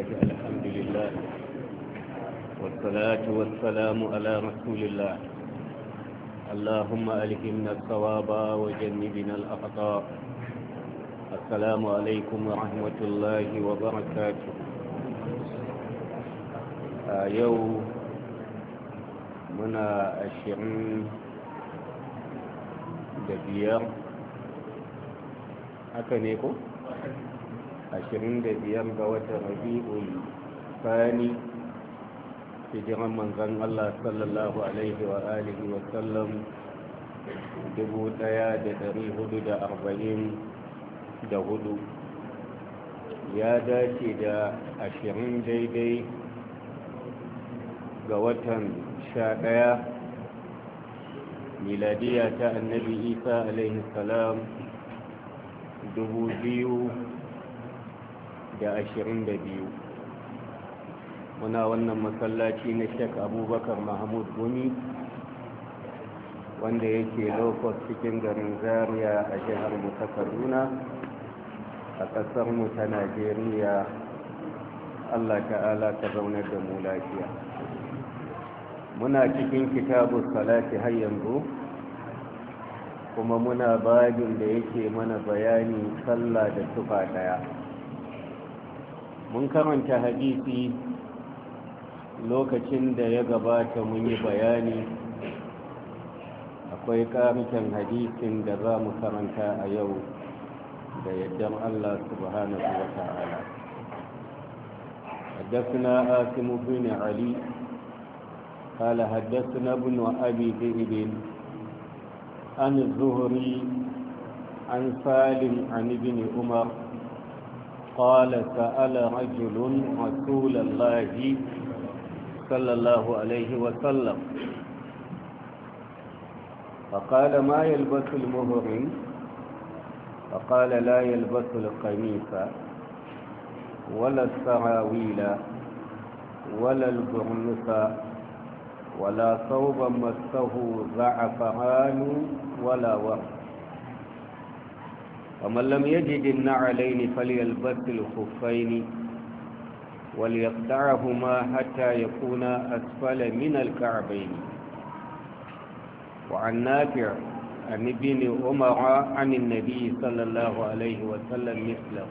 لله الحمد لله والصلاة والسلام على رسول الله اللهم ألهمنا الصواب وجنبنا الأخطاء السلام عليكم ورحمة الله وبركاته آه، يوم منا الشعين دبيار أكنيكم 25 ga watan rabi'ul fani hijiran manzan Allah sallallahu alaihi wa alihi wa sallam 1444 ya dace da 20 daidai ga watan 11 miladiya ta annabi isa alaihi salam 2000 da ashirin da biyu muna wannan masallaci na shek abubakar mahmud gumi wanda yake lokos cikin garin zaria a jihar ta kaduna a ƙasarmu ta najeriya allah ta'ala Ta zaunar da mu lafiya muna cikin kitabun salati har yanzu kuma muna babin da yake mana bayani sallah da tufa ɗaya. mun karanta hadisi lokacin da ya gabata mun yi bayani akwai karitan hadisin da za mu karanta a yau da yaddan Allah subhanahu wa ta'ala حدثنا آسم بن علي قال حدثنا ابن أبي ذئب عن الزهري عن سالم عن ابن عمر قال سأل رجل رسول الله صلى الله عليه وسلم فقال ما يلبس المهرم فقال لا يلبس القميص ولا السراويل ولا البرنس ولا ثوبا مسه زعفران ولا ورق فمن لم يجد النعلين فليلبس الخفين وليقطعهما حتى يكونا أسفل من الكعبين وعن نافع عن ابن عمر عن النبي صلى الله عليه وسلم مثله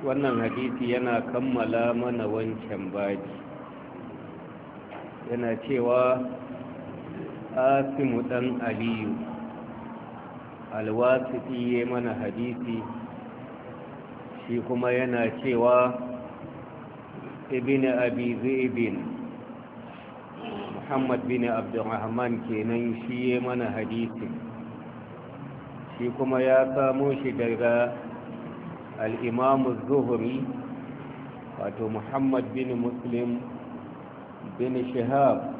wannan hadisi yana kammala mana wancan baji yana cewa asimu dan aliyu alwasiti ya mana hadisi shi kuma yana cewa ibn abi zaibin muhammad bin abdurrahman kenan shi ya mana hadisi shi kuma ya samo shi daga al'imamu zuhuri wato muhammad bin muslim bin shahab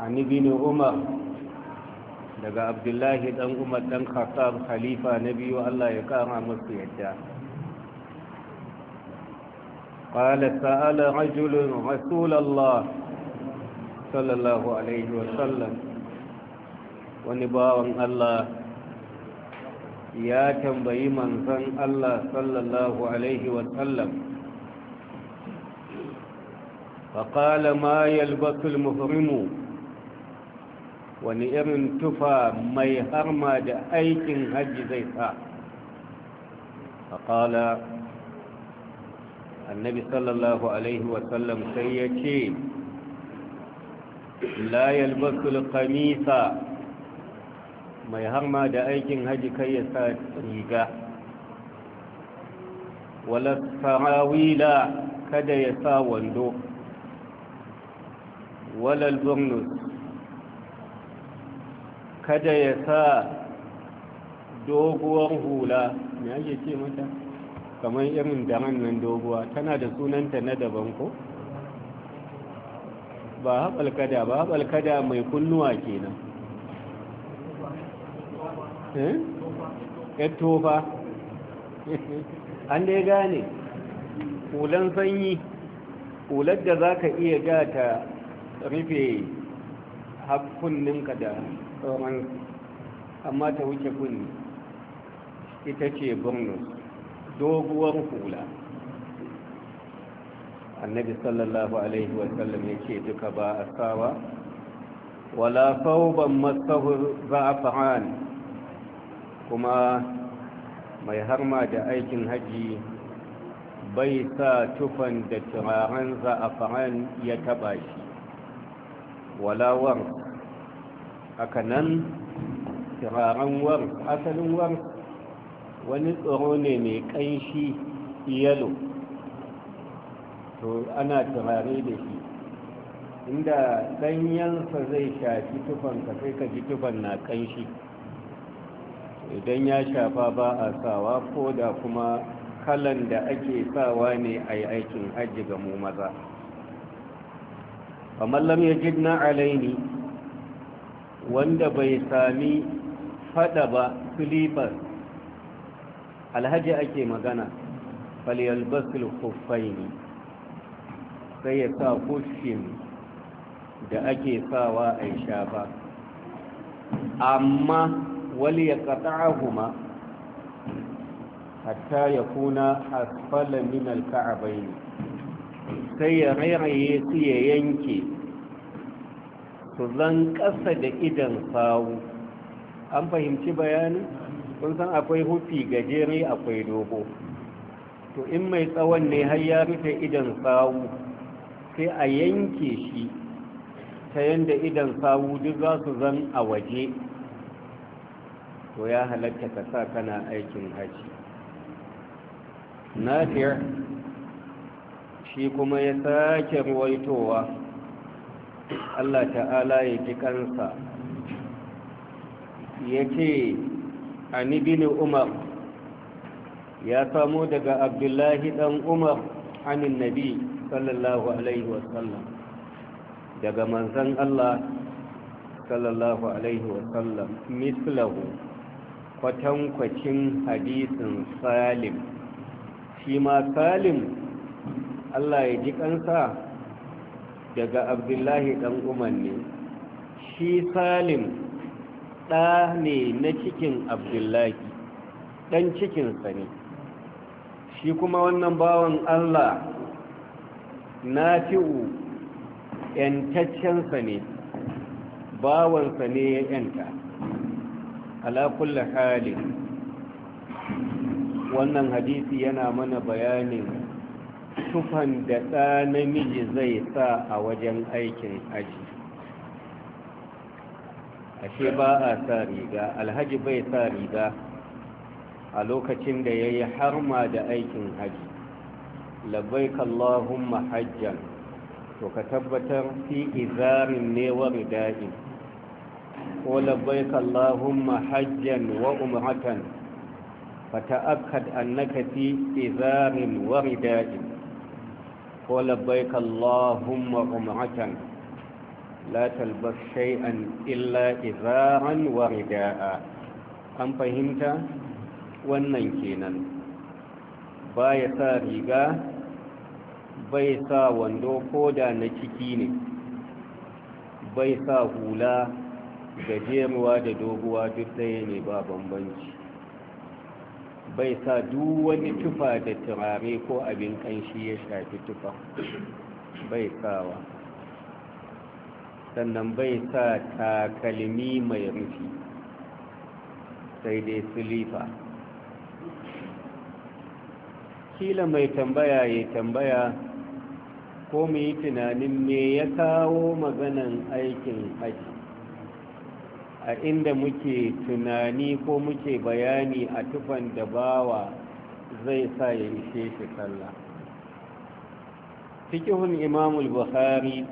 an bin umar daga abdullahi dan umar dan khattab khalifa na biyu Allah ya kara masa yadda قال سأل رجل رسول الله صلى الله عليه وسلم ونباو الله ya tambayi manzon Allah sallallahu alaihi wasallam فقال ما يلبس المحرم wani irin tufa mai harma da aikin hajji zai sa faƙala annabi sallallahu alaihi wasallam sai ya ce Layal yalbasul kamisa mai harma da aikin hajji kai ya sa riga wala sarawila kada ya sa wando Walal burnus kada ya sa doguwar hula mai ake ce mata kamar irin daren nan doguwa tana da sunanta na daban ko ba kada ba kada mai kunnuwa kenan ya eh? eh, tofa an dai gane hulan sanyi hular da za ka iya ga ta rufe hakunninka da sauran amma ta wuce kunni ita ce bonus doguwar hula annabi sallallahu alaihi wasallam ya ce duka ba a sawa wala sauban masahur za a kuma mai harma da aikin haji bai sa tufan da turaren za a ya taba shi walawar haka nan turaren war asalin war wani tsoro ne mai ƙanshi yalo to ana turare da shi inda sanyansa zai shafi tufanka sai ka ji tufan na ƙanshi idan ya shafa ba a sawa ko da kuma kalan da ake sawa ne a yi aikin hajji ga mu maza kamar lam ya jidna alaini wanda bai sami fada ba filifar alhaji ake magana falyalbasul ne. sai ya sa kushin da ake sawa a ba. amma wali ya ahuma. hatta ya kuna asfala min alka'abaini sai ya rairaye su ya yanke su zan ƙasa da idan sawu an fahimci bayani kun san akwai hufi gajere akwai dogo to in mai tsawon ne har ya rufe idan sawu sai a yanke shi ta yadda idan sawu duk za su zan a waje to ya halatta ka sa kana aikin haji nafiyar shi kuma ya sake ruwaitowa Allah ta'ala ya ji kansa ya ce ani bin umar ya samo daga abdullahi dan umar hannun nabi sallallahu alaihi wasallam daga manzan Allah sallallahu alaihi wasallam mislahu kwatankwacin hadisin salim shi ma salim Allah ya ji kansa daga abdullahi dan umar ne shi salim ɗa ne na cikin abdullahi ɗan cikinsa ne shi kuma wannan bawan allah na fi'u ‘yantaccensa ne bawansa ne ya ‘yanta alakulla halin wannan hadisi yana mana bayanin tufan da ɗa namiji zai sa a wajen aikin aji ashe ba a sa riga alhaji bai sa riga a lokacin da ya yi harma da aikin haji Labai Allahumma hajjan to ka tabbatar fi izarin ne wa rida'in ko Labai Allahumma hajjan wa umratan fata'akkad annaka fi izarin wa daɗi. ولبيك اللهم عمرة لا تلبس شيئا إلا إذارا ورداء أم فهمت wannan kenan baya sa riga bai sa wando koda na ciki ne bai sa hula gajeruwa da doguwa duk ɗaya ne ba bambanci bai sa duk wani tufa da turare ko abin kanshi ya shafi tufa bai sawa sannan bai sa takalmi mai rufi sai dai silifa kila mai tambaya ya tambaya ko mu tunanin me ya kawo maganan aikin haji a inda muke tunani ko muke bayani a tufan da bawa zai sa ya ishe shi sallah fikihun imamul buhari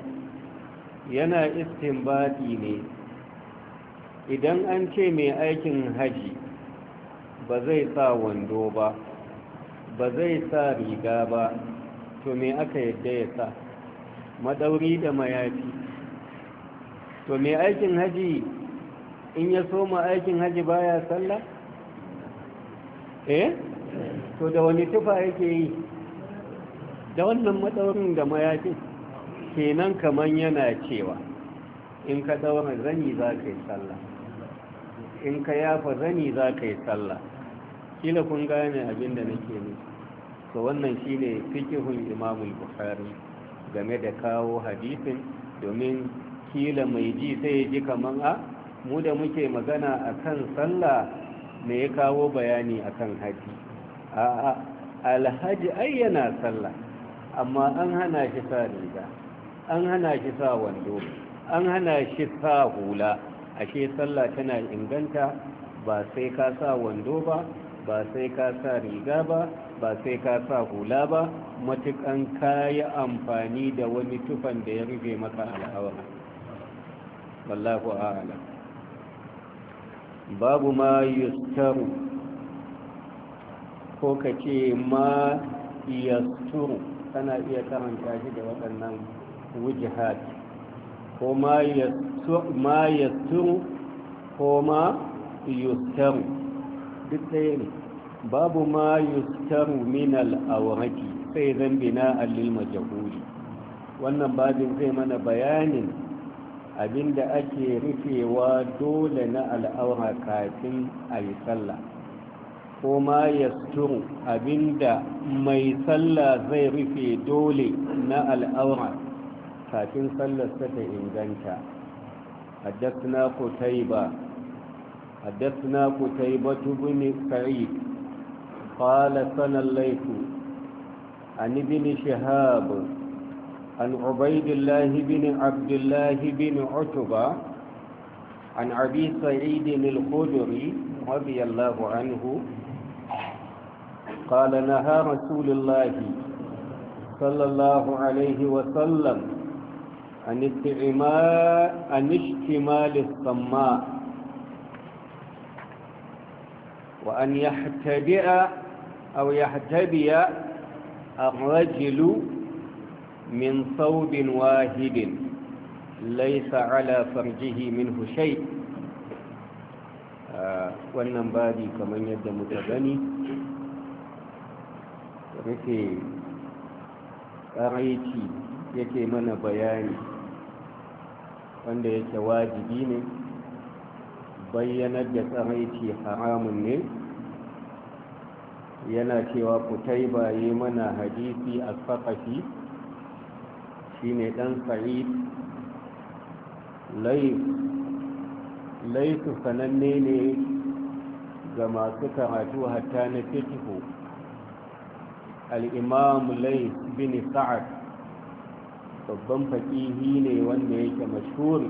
yana istinbadi ne idan an ce mai aikin haji ba zai sa wando ba ba zai sa riga ba to me aka yadda ya sa madauri da mayafi to mai aikin haji in ya soma aikin haji baya salla eh to da wani tufa yake yi da wannan matsaurin da mayakin kenan kaman yana cewa in ka daura zani za ka yi sallah in ka yafa zani za ka yi sallah kila kun gane abin da nake nufi to wannan shine fikihun imamul bukhari game da kawo hadisin domin kila mai ji sai ya ji kaman a ah, mu da muke magana a kan sallah me ya kawo bayani a kan haji a alhaji ayyana sallah amma an hana shi sa riga an hana shi sa wando an hana shi sa hula ashe sallah tana inganta ba sai ka sa wando ba ba sai ka sa riga ba ba sai ka sa hula ba matukan ka yi amfani da wani tufan da ya rufe maka al'awar wallahu a'lam babu ma yastaru, ko ka ce ma yasturu kana iya karanta shi da waɗannan wujihat ko ma yasturu ko ma yastaru. duk ɗaya ne babu ma yustaru min al'awaraki sai zan na alil majahudi. wannan babin zai mana bayanin abinda ake rufewa dole na al'aura kafin a yi sallah kuma ya yasturu abinda mai sallah zai rufe dole na al'aura kafin sallar ta inganta حدثنا قتيبة حدثنا قتيبة بن سعيد قال سنى الليث عن ابن shahabu. عن عبيد الله بن عبد الله بن عتبة عن أبي سعيد الخدري رضي الله عنه قال نهى رسول الله صلى الله عليه وسلم عن عن اشتمال الصماء وأن يحتبئ أو يحتبئ الرجل min saubin wahidin laisa على فرجه منه شيء wannan babi kamar yadda muka gani rufe ƙaraici yake mana bayani wanda yake wajibi ne bayyanar da tsaraici haramun ne yana cewa ku taibaye mana hadisi a shine dan sa'id laifin sananne ne ga masu karatu hatta na fitiko al'imam laif bin sa'ad babban faƙihi ne wanda yake mashuri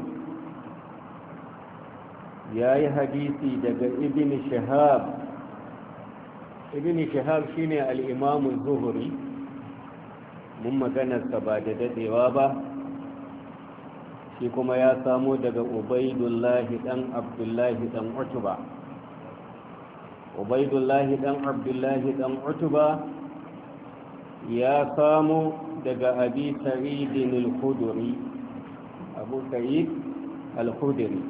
ya yi hadisi daga ibn shahab ibn shahab shine al'imamun zuhuri mun maganarsa ba da dadewa ba shi kuma ya samo daga ubaidullahi dan abdullahi dan utuba ubaidullahi dan abdullahi dan utuba ya samo daga abi sa'idin al-khudri abu sa'id al-khudri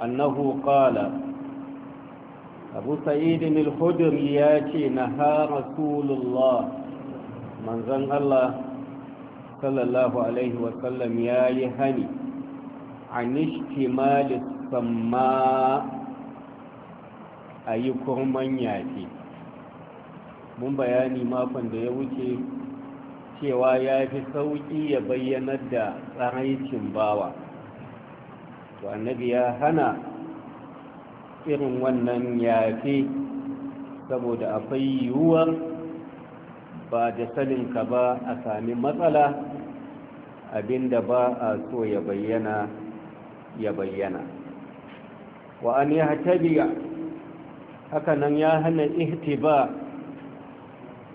annahu qala abu sa'idin al-khudri ya ce na ha rasulullah manzon Allah sallallahu alaihi wasallam ya yi hani an ishtimalis samma a yi kurman yafi mun bayani makon da ya wuce cewa ya fi sauƙi ya bayyanar da tsaraicin bawa to annabi ya hana irin wannan yafi saboda akwai yiwuwar ba da saninka ba a sami matsala abinda ba a so ya bayyana ya bayyana wa an ya Haka nan ya hana ihtiba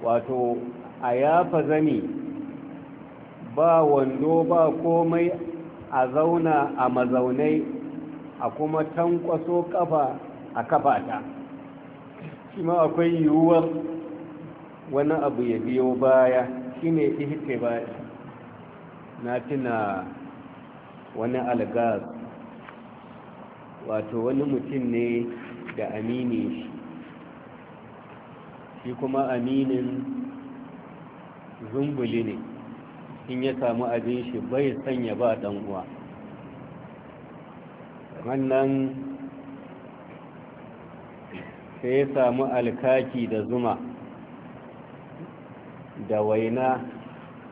wato a yafa zani ba wando ba komai a zauna a mazaunai a kuma tankwaso kafa a kafata shi ma akwai yiwuwar wani abu ya biyo baya shine ba na tuna wani algaz wato wani mutum ne da amini shi shi kuma aminin zumbuli ne in ya samu abin shi bai sanya ba dan uwa wannan sai ya samu alkaki da zuma da waina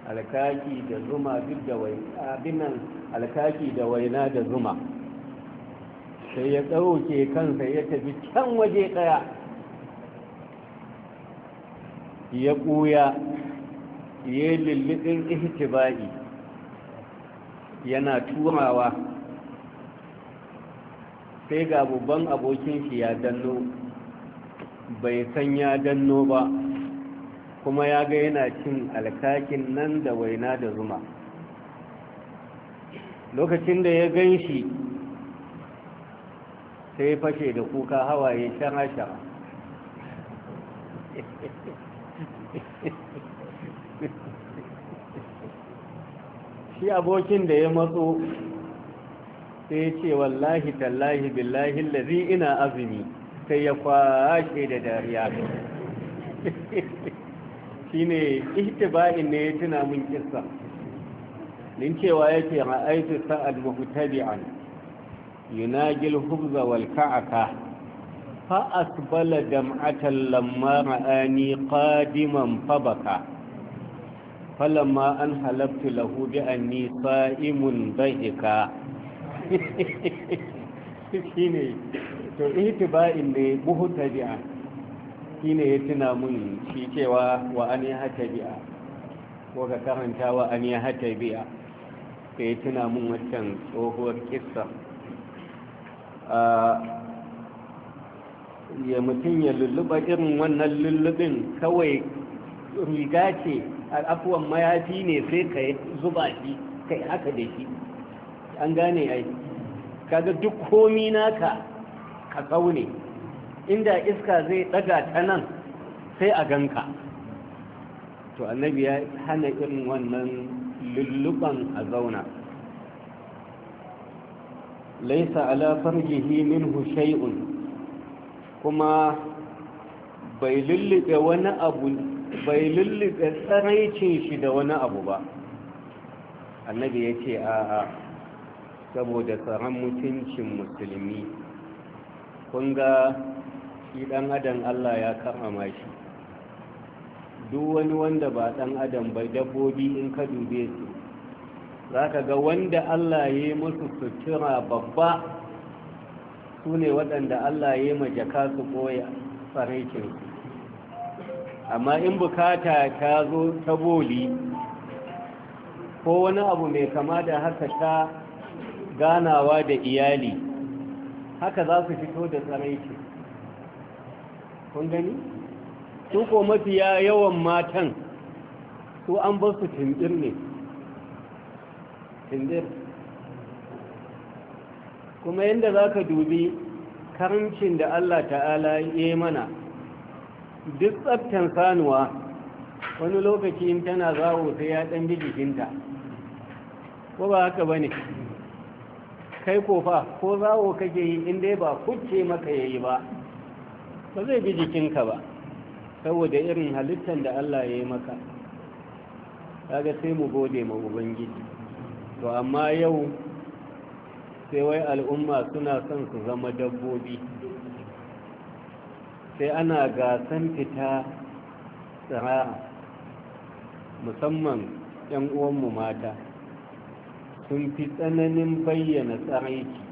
alkaki da zuma duk da waina abinan alkaki da waina da zuma sai ya ɗauke kansa ya tafi can waje ɗaya ya ƙuya ya lullubin ihtibai yana turawa sai ga babban abokin shi ya danno bai san ya danno ba kuma ya ga yana cin alkakin nan da waina da zuma lokacin da ya gan shi sai fashe da kuka hawaye shan shi abokin da ya matso sai ce wallahi tallahi billahi lazi ina azumi sai ya kwashe da dariya shine ihtiba'in ne ya tuna min kissa din cewa yake ra'aytu sa'ad muhtabi'an yunajil hubza wal ka'aka fa asbala dam'atan lamma ra'ani qadiman fabaka falamma an halabtu lahu bi anni sa'imun shine to ihtiba'in ne muhtabi'an Shi ne ya tuna mun shi cewa wa an ya hata biya ko ka karanta wa an ya hata biya ta ya tuna mun wancan tsohuwar kisa? ya mutum ya lulluɓa irin wannan lullubin kawai riga ce afuwan mayafi ne sai ka yi zuba shi ka yi haka da shi an gane ai kaga duk komi naka ka tsaune inda iska zai daga ta nan sai a ganka to annabi ya hana irin wannan lulluban a zauna laisa ala farjihi minhu shay'un kuma bai lullube wani abu bai lullube tsaraicin shi da wani abu ba annabi ya ce a'a saboda tsaron mutuncin musulmi kun ga shi ɗan adam Allah ya karrama shi duk wani wanda ba ɗan adam ba dabbobi in ka dube su za ka ga wanda Allah ya yi musu sutura babba su ne waɗanda Allah ya yi majaka su ɓoya tsaraikinsu amma in bukata ta zo ta boli ko wani abu mai kama da haka ta ganawa da iyali haka za su fito da tsaraikinsu kun gani su ko mafiya yawan matan su an ba su tindir ne tindir kuma yadda za ka dubi karancin da Allah ta'ala ya mana duk tsabtan sanuwa wani lokaci in tana zawo sai ya ɗan bi jikinta ko ba haka ba ne kai kofa ko zawo kake yi inda ba kuce maka yayi ba ba zai bi jikinka ba saboda irin halittar da Allah ya yi maka kaga sai mu gode ma ubangiji to amma yau sai wai al'umma suna son su zama dabbobi sai ana gasan fita tsara musamman 'yan uwanmu mata sun fi tsananin bayyana tsaraiki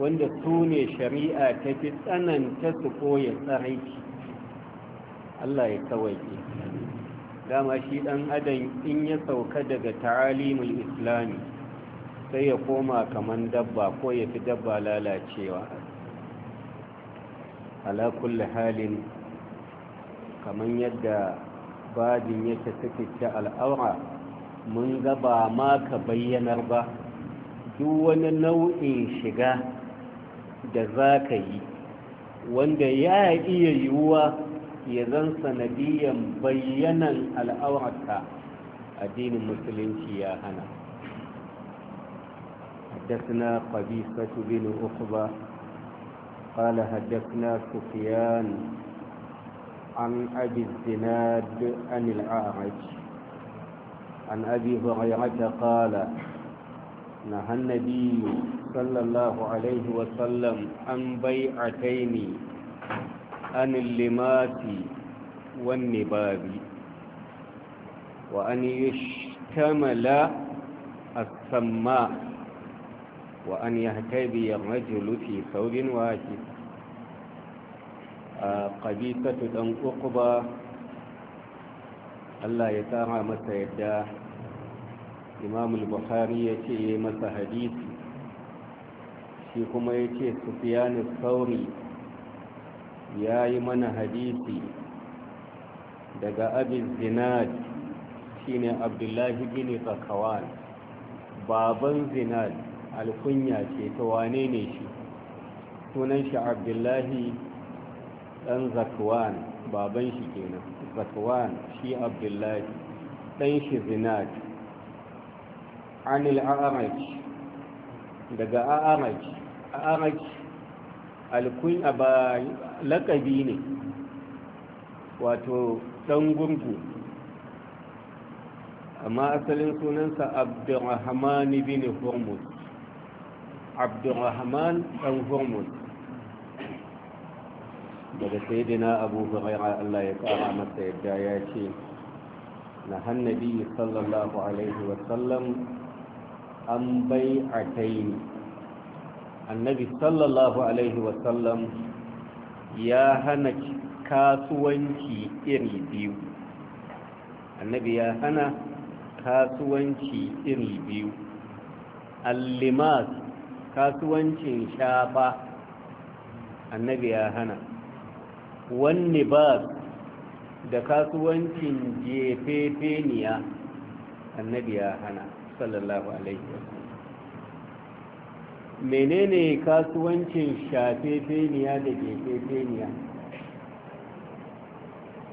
wanda su ne shari'a ta fi tsananta su koya tsaraiki Allah ya ke. dama shi ɗan adam in ya sauka daga ta'alimin islami sai ya koma kaman dabba ko ya fi dabba lalacewa ala halin kaman yadda babin yake suke al'aura mun gaba ma ka bayyanar ba duk wani nau'in shiga da za ka yi wanda ya iya yiwuwa ya zan sanadiyan bayyanan al'aurarka addinin musulunci ya hana حدثنا قبيصة بن أخبة قال حدثنا سفيان عن أبي الزناد عن الأعرج عن أبي هريرة قال na hannabi sallallahu alaihi wasallam an bai a kai ne an limati wanne babi wa an yi a samma wa an yi haƙaibi ya majalufi saurin wahaki a ƙabisa ɗan uƙuba, allah ya tsara masa yadda imam al-bukhari ya ce ya masa hadisi shi kuma ya ce sufiyanis sauri ya yi mana hadisi daga abin zinad shine abdullahi bin zakawan baban zinad alkunya ce ta wane ne shi sunan shi abdullahi dan zakawan baban shi kenan zakawan shi abdullahi dan shi zinad anil a'araj daga a'araj a'araj alkun ba lakabi ne wato ɗan gurgu amma asalin sunansa abdurrahman bin hormuz abdurrahman ɗan hormuz daga sayidina abu huraira allah ya kara masa yadda ya ce na hannabi sallallahu alaihi wasallam an bai a taini annabi sallallahu alaihi wasallam ya hana kasuwanci iri biyu annabi ya hana kasuwanci iri biyu allimas kasuwancin shafa annabi ya hana wani ba da kasuwancin jefefeniya annabi ya hana sallallahu alaihi menene kasuwancin shafefeniya da gefefeniya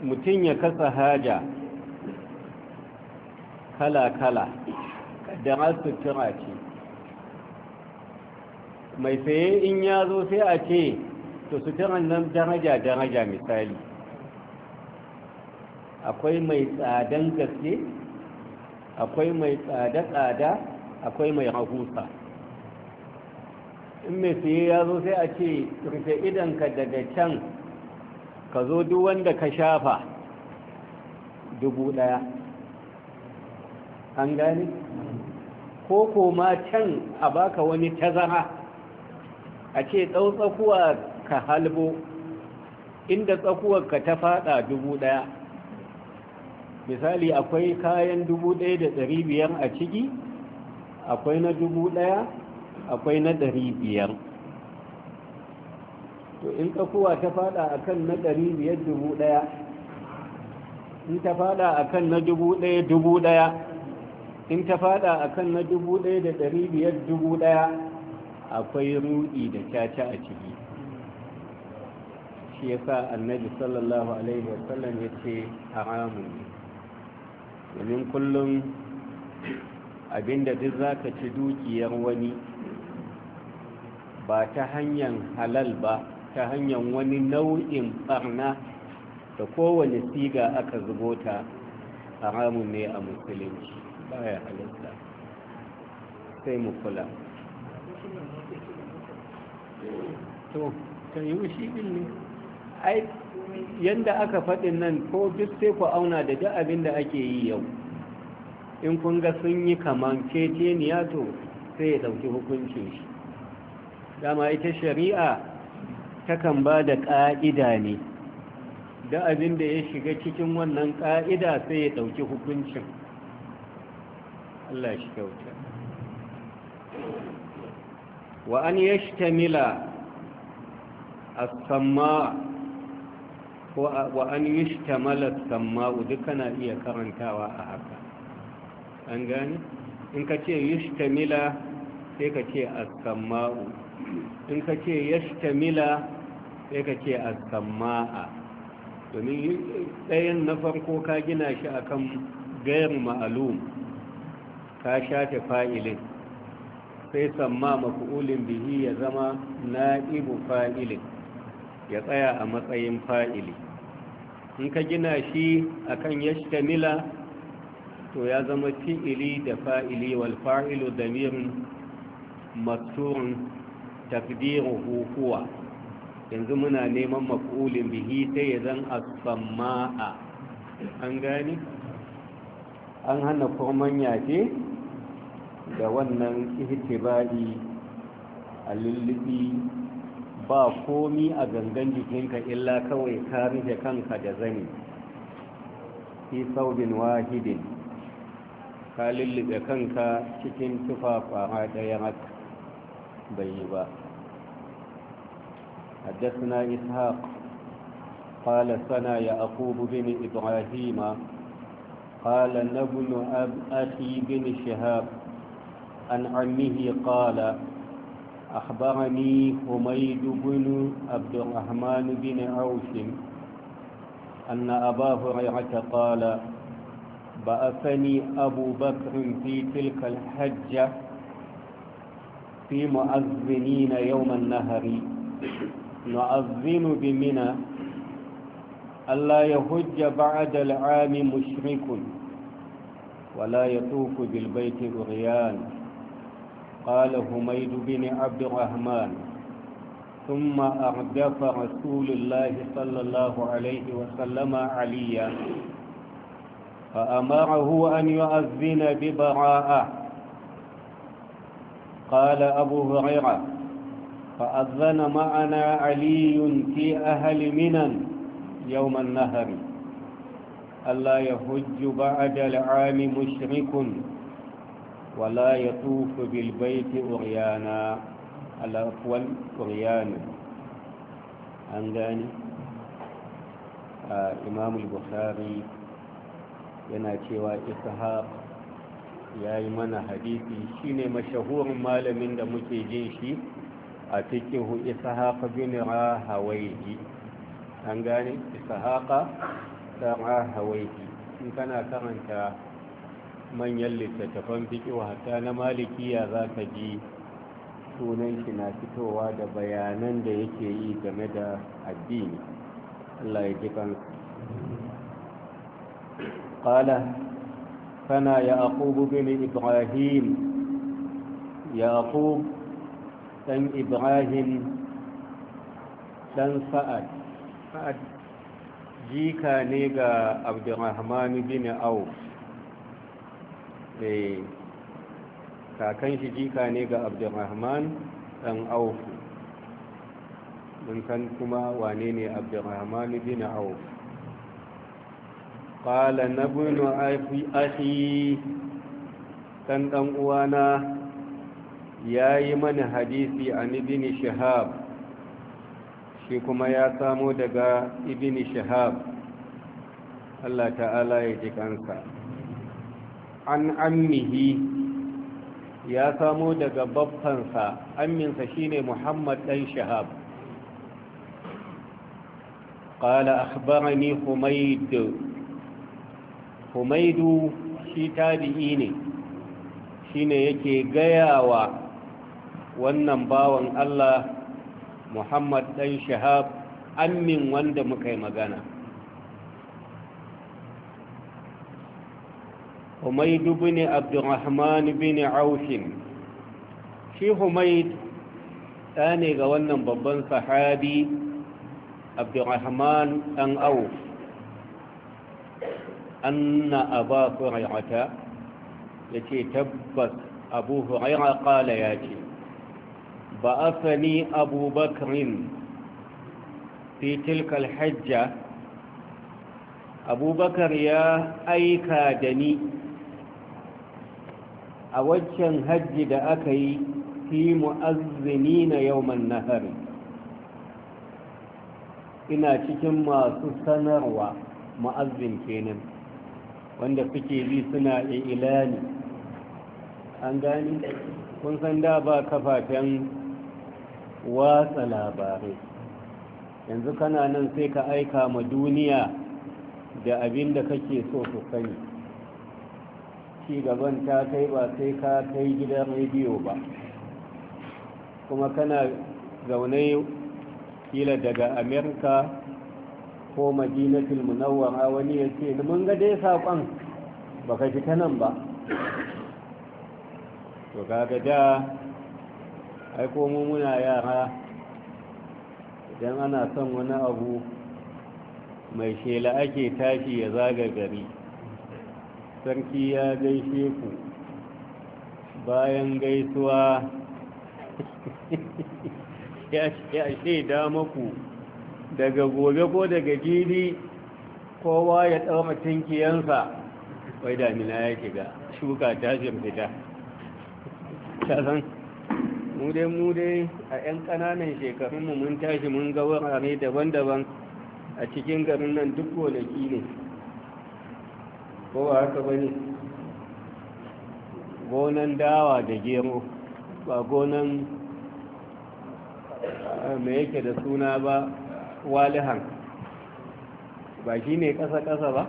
mutum ya kasa haja kala-kala da sutura ce mai saye in ya zo sai a ce to suturan nan daraja-daraja misali akwai mai tsadan gaske akwai mai tsada-tsada akwai mai rahusa in mai siye ya zo sai a ce rufe idanka daga can ka zo duk wanda ka shafa dubu daya an gani ko koma can a baka wani tazara a ce tsautsakuwa ka halbo inda tsakuwar ka ta fada dubu daya misali akwai kayan dubu ɗaya da ɗari biyar a ciki akwai na dubu ɗaya akwai na ɗari biyar to in tsakuwa ta fada a kan na ɗari biyar dubu ɗaya in ta fada a kan na dubu ɗaya dubu ɗaya in ta fada a kan na dubu ɗaya da ɗari biyar dubu ɗaya akwai ruɗi da caca a ciki shi sa annabi sallallahu alaihi wasallam ya ce haramun domin kullum abinda duk za ka ci dukiyar wani ba ta hanyar halal ba ta hanyar wani nau'in barna da kowane siga aka zubo ta haramun ne a musulunci baya halitta sai mu kula to ta yi wushi ne Yadda aka faɗin nan ko duk sai ku auna da duk abin da ake yi yau in kun ga sun yi kaman ya to sai ya ɗauki hukuncin shi dama ita shari'a takan ba da ƙa'ida ne da abin da ya shiga cikin wannan ƙa'ida sai ya ɗauki hukuncin Allah shi kyauta wa an yashtamila as-samma ko wa an yi shtamalar duka na iya karantawa a haka an gani in ka ce yi shtamila sai ka ce a sama'u in ka ce ya shtamila sai ka ce a samma'a domin ɗayan na farko ka gina shi akan gayar ma'alum ka shafe fa'ilin sai samma mafi'ulin bihi ya zama na'ibu fa'ilin ya tsaya a matsayin fa'ili in ka gina shi a akan yashtamila to ya zama fi'ili da fa'ili wal fa'ilu mirin matsurin takdiruhu hukuwa yanzu muna neman maf'ulin bihi sai ya zan asamma'a an gani an hana kurman yaje da wannan ihtibai a lullubi ba komi a gangan jikinka illa kawai ka rufe kanka da zani fi saubin wahidin ka lullube kanka cikin tufafa ɗaya haka bai yi ba حدثنا إسحاق قال سنا يعقوب بن إبراهيم قال نبن أب أخي بن شهاب عن عمه قال أخبرني حميد بن عبد الرحمن بن عوف أن أبا هريرة قال بعثني أبو بكر في تلك الحجة في مؤذنين يوم النهر نؤذن بمنى ألا يهج بعد العام مشرك ولا يطوف بالبيت غريان قال حميد بن عبد الرحمن ثم أردف رسول الله صلى الله عليه وسلم عليا فأمره أن يؤذن ببراءة قال أبو هريرة فأذن معنا علي في أهل منن يوم النهر ألا يهج بعد العام مشرك ولا يطوف بالبيت أغيانا الأفول أغيانا أنغاني آه إمام البخاري يناتي وإسحاق ya yi mana hadisi shine mashahurin malamin da muke jin shi a cikin hu ishaqa bin rahawaihi an gane ishaqa ta rahawaihi in kana karanta manyan littattafan wa hatta na malikiya za ka ji sunan shi na fitowa da bayanan da yake yi game da addini Allah ya ji kan qala kana bin ibrahim yaqub dan ibrahim dan sa'ad sa'ad jika ne ga abdurrahman bin auf Eh, kakan shi jika ne ga abdurrahman ɗan aufu mun san kuma wane ne abdurrahman bin auf na nabnu akhi kan ɗan uwana ya yi mana hadisi a ibn shahab shi kuma ya samo daga ibn shahab Allah ta'ala ya ji kansa an ammihi ya samo daga babbansa amminsa shine muhammad dan shahab قال أخبرني حميد shi tabi'i ne shine yake gayawa wannan bawan Allah Muhammad dan Shahab ammin wanda muka yi magana humaid bin abdurrahman bin aushin shi humaid ɗa ga wannan babban sahabi abdurrahman ɗan auf anna aba ya ce tabbas abu huraira ƙala ya ce ba asani abubakarin fi tilkal hajja abubakar ya aika da ni a waccan hajji da aka yi fi mu'azzini na yawman nahari ina cikin masu sanarwa mu'azzin kenan wanda suke bi suna ne. an gani kun san da ba kafafen watsa labarai yanzu kana nan sai ka aika ma duniya da abin da kake so su sani ci gaban ta kai ba sai ka kai gidan rediyo ba kuma kana zaune kila daga amerika ko madinatul munawwara wani ya ce mun ga dai saƙon ba ka fita nan ba to kaga da aiko mu muna yara idan ana son wani abu mai shela ake tashi ya zaga gari sarki ya gaishe ku bayan gaisuwa ya shaida maku daga gobe ko daga jiri kowa ya tsawon tinkiyansa wai damina ya shiga shuka ta fita san mude-mude a 'yan kananan shekarunmu mun tashi mun gawar wurare daban-daban a cikin garin nan duk wadaki ne ko ba haka ba ne gonan dawa da gero ba gonan eh, mai yake da suna ba walihan ba shi ne ƙasa-ƙasa ba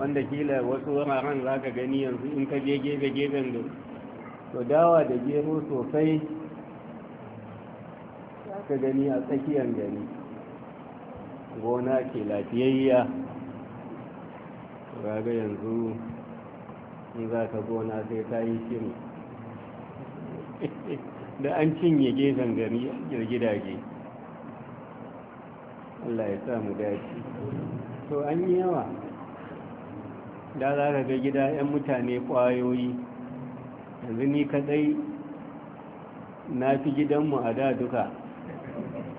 wanda kila wasu wuraren za ka gani yanzu in ka je gefe-gefen da to dawa da gero sosai za ka gani a tsakiyar gani gona ke lafiyayya raga yanzu in za ka gona sai ta yi shiru da an cinye gefen gari gidaje. allah ya samu dace to an yi yawa da za ka ga gida 'yan mutane kwayoyi yanzu ni kadai na fi gidanmu a da duka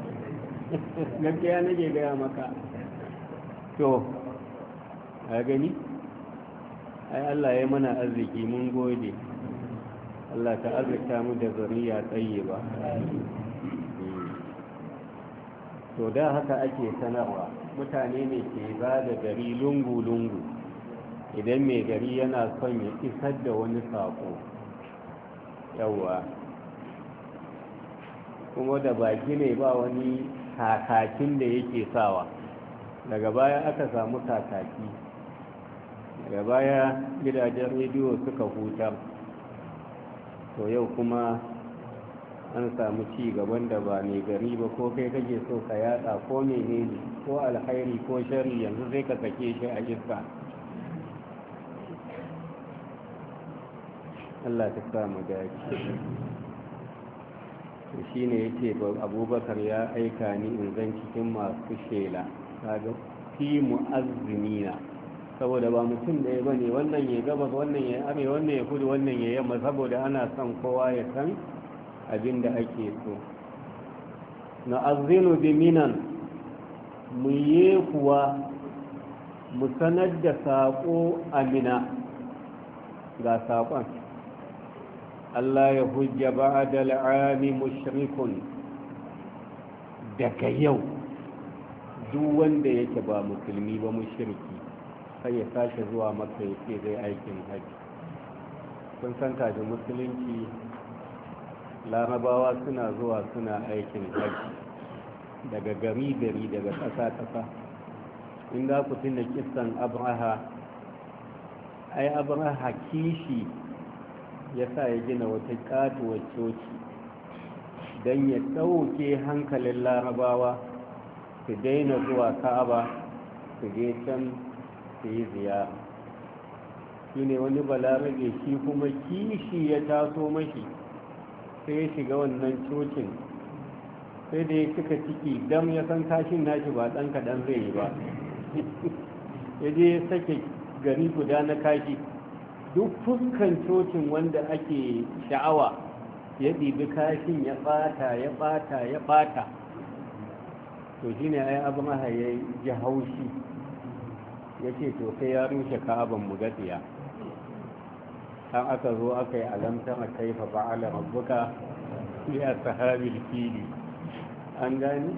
gaskiya nake gaya maka to a gani ai Allah ya mana arziki mun gode Allah ta arzika mu da zuriya tsaye ba hmm. to da haka ake sanarwa mutane ne ke ba da gari lungu-lungu idan mai gari yana son ya isar da wani sako yawa kuma da baki ne ba wani kakakin da yake sawa daga baya aka samu kakaki Daga baya gidajen rediyo suka huta to yau kuma an samu ci gaban da ba mai gari ba ko kai kake so ka yada ko menene ko alkhairi ko shari yanzu sai ka sake shi a iska Allah ta mu dace to shine yace Abubakar ya aika ni in zan cikin masu shela kaga fi mu'azzinina saboda ba mutum ɗaya ba ne wannan ya gabas wannan ya ame wannan ya kudu wannan ya yamma saboda ana son kowa ya san abin da ake so na azinu bi minan mu yi kuwa mu sanar da saƙo amina ga saƙon Allah ya hujja ba da la'ami mushrikun daga yau duk wanda yake ba musulmi ba mushriki kai ya tashi zuwa maka ya ce zai aikin haji Sun san kafin musulunci larabawa suna zuwa suna aikin haji daga gari gari daga ƙasa ƙasa in ku tuna kistan abraha ai abraha kishi ya sa ya gina wata katuwar coci don ya ɗauke hankalin larabawa su daina zuwa ka'aba su je can ta yi ziyara shi ne wani balarabe shi kuma kishi ya taso mashi sai ya shiga wannan cocin sai da ya cika ciki dam ya san kashin nashi ba ɗan kaɗan zai yi ba ya je ya sake gani guda na kashi duk fuskan cocin wanda ake sha'awa ya ɗibi kashin ya ɓata ya ɓata ya ɓata to shi ne ai abu mahaye ji haushi ya ce to sai ya rushe mu gatsiya an aka zo aka yi alamtar a kai ba'ala rabbuka a ashabil fili an gani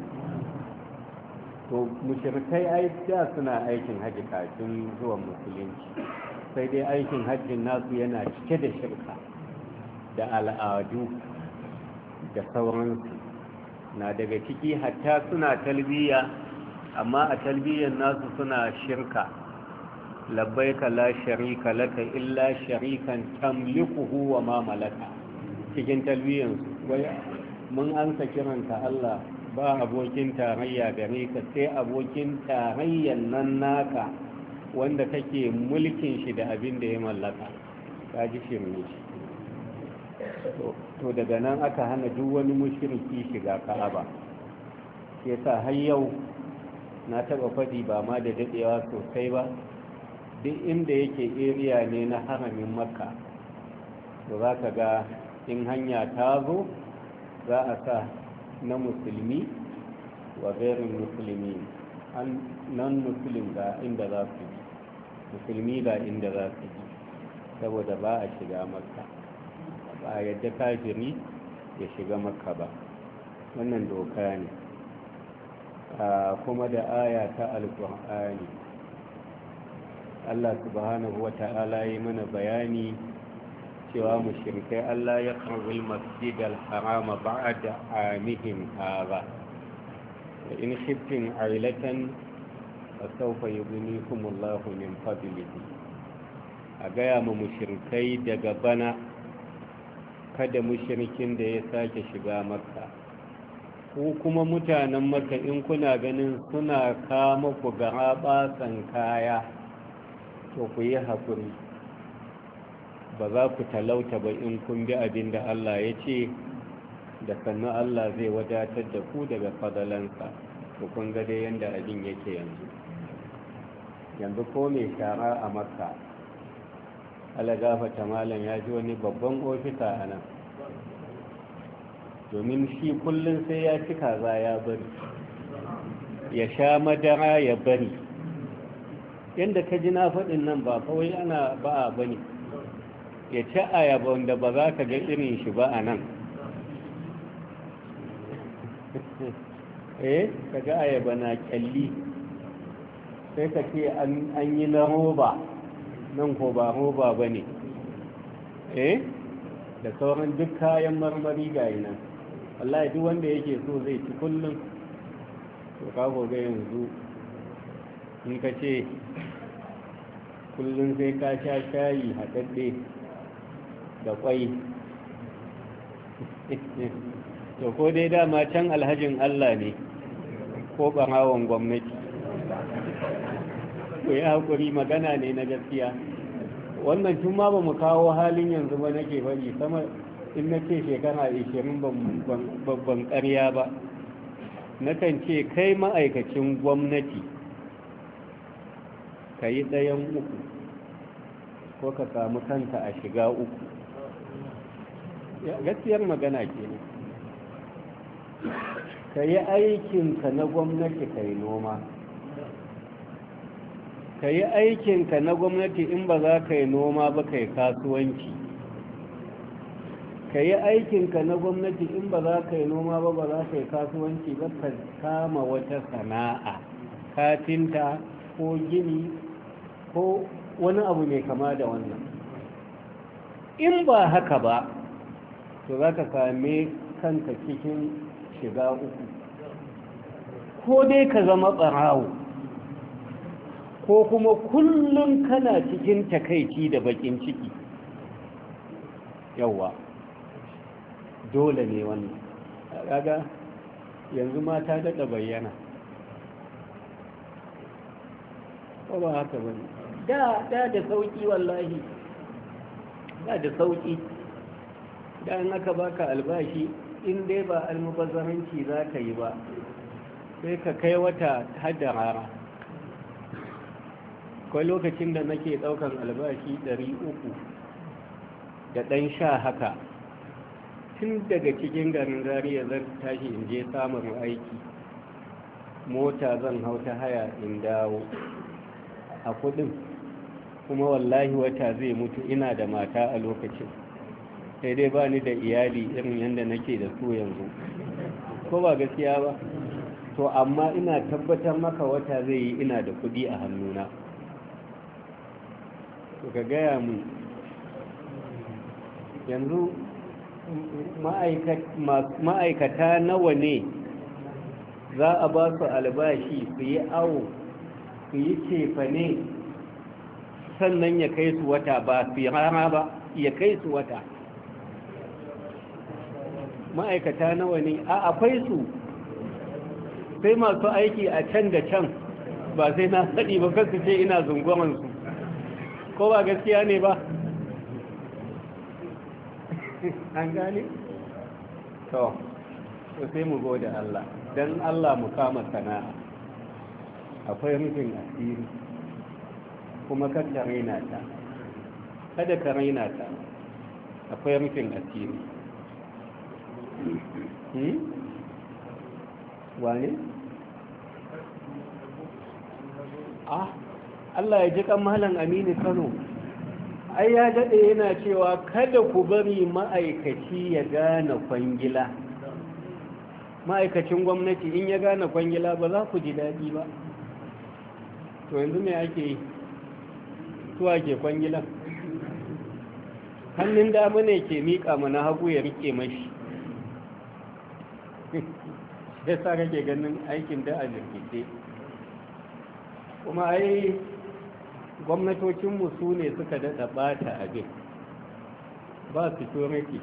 to mushrikai ai suna aikin haji kafin zuwa musulunci sai dai aikin hajjin nasu yana cike da shirka da al'adu da sauransu na daga ciki hatta suna talbiya amma a talbiyyar nasu suna shirka labbaika la sharika laka illa sharikan tamlikuhu wa ma malaka cikin talbiyan wai mun ansa kiranta Allah ba abokin tarayya gare ka sai abokin tarayyan nan naka wanda kake mulkin shi da abin da ya mallaka ka ji shi to daga nan aka hana duk wani mushriki shiga ka'aba sai sa har yau na taba fadi ba ma da dadewa sosai ba duk inda yake area ne na haramin makka to za ka ga in hanya ta zo za a sa na musulmi wa gairin musulmi nan musulun ga inda za su yi musulmi ga inda za su yi saboda ba a shiga makka ba a yadda kajiri ya shiga makka ba wannan doka ne ah, kuma da aya ta alkur'ani Allah subhanahu wa ta'ala yi mana bayani cewa mushirikai Allah ya karbi masjid al-haram ba'da amihim hadha wa in khiftum ailatan fasawfa yughnikum Allah min fadlihi a gaya ma mushrikai daga bana kada mushirikin da ya sake shiga maka. ko kuma mutanen maka in kuna ganin suna kama ku ga kaya to ku yi haƙuri ba za ku talauta ba in kun bi abin da Allah ya ce da sannu Allah zai wadatar da ku daga fadalansa ku kun gade yadda abin yake yanzu yanzu ko mai shara a makka alagafa malam ya ji wani babban ofisa a nan domin shi kullum sai ya ci kaza ya bari ya sha madara ya bari yadda ka ji na faɗin nan ba kawai ana ba'a ba ne ya ci ayaba wanda ba za ka ga irin shi ba a nan eh ka ga ayaba na kyalli sai ka ce an yi na roba nan ko ba roba ba ne eh da sauran duk kayan marmari ga nan wallahi duk wanda yake so zai ci kullum to gobe ga yanzu in ka ce kullum sai ka sha shayi haɗaɗɗe da ƙwai to ko dai dama can alhajin Allah ne ko ɓarawan gwamnati ku yi haƙuri magana ne na gaskiya wannan tun ma ba mu kawo halin yanzu ba nake bari sama in na ce shekara 20 babban ƙarya ba Na nakan ce kai ma'aikacin gwamnati ka yi ɗayan uku ko ka samu kanta a shiga uku gaskiyar magana ke ne ka yi aikinka na gwamnati ka yi noma ka yi aikinka na gwamnati in ba za ka yi noma ba ka yi kasuwanci ka yi aikinka na gwamnati in ba za ka yi noma ba ba za ka yi kasuwanci ba ka kama wata sana'a katinta ko gini ko wani abu mai kama da wannan in ba haka ba to za ka same kanka cikin shiga uku ko dai ka zama ɓarawo ko kuma kullum kana cikin takaici da bakin ciki yawa dole ne wannan kaga yanzu mata daɗa bayyana ko ba haka bane da da da sauki wallahi da da sauki da aka baka albashi in dai ba almubazzaranci za ka yi ba sai ka kai wata hada rara kwai lokacin da nake daukan albashi 300 da dan sha haka tun daga cikin garin zariya zan tashi in je samun aiki mota zan hau ta haya in dawo a kudin kuma wallahi wata zai mutu ina da mata a lokacin sai dai ba ni da iyali irin yadda nake da su yanzu ko ba gaskiya ba to amma ina tabbatar maka wata zai yi ina da kudi a hannuna to ka gaya mu yanzu ma'aikata nawa ne za a ba su albashi su yi awo su yi cefane sannan ya kai su wata ba rara ba ya kai su wata ma'aikata nawa ne a akwai su sai masu aiki a can da can ba sai na sadi ba kasu ce ina zungonansu ko ba gaskiya ne ba an gani? to sai mu gode Allah don Allah mu kama sana'a akwai rufin asiri kuma ka raina ta kada ka raina ta akwai rufin asiri hmm? wane? Ah, Allah ya ji kan malam aminu kano ai ya daɗe yana cewa kada ku bari ma'aikaci ya gane kwangila ma'aikacin gwamnati in ya gane kwangila ba za ku ji daɗi ba to yanzu mai ake yi suwa ke kwangilan hannun dama ne ke miƙa mana hagu ya rike mashi ya sa kake ganin aikin da a jirkice kuma ai gwamnatocinmu su ne suka daɗa ɓata abin ba su turiki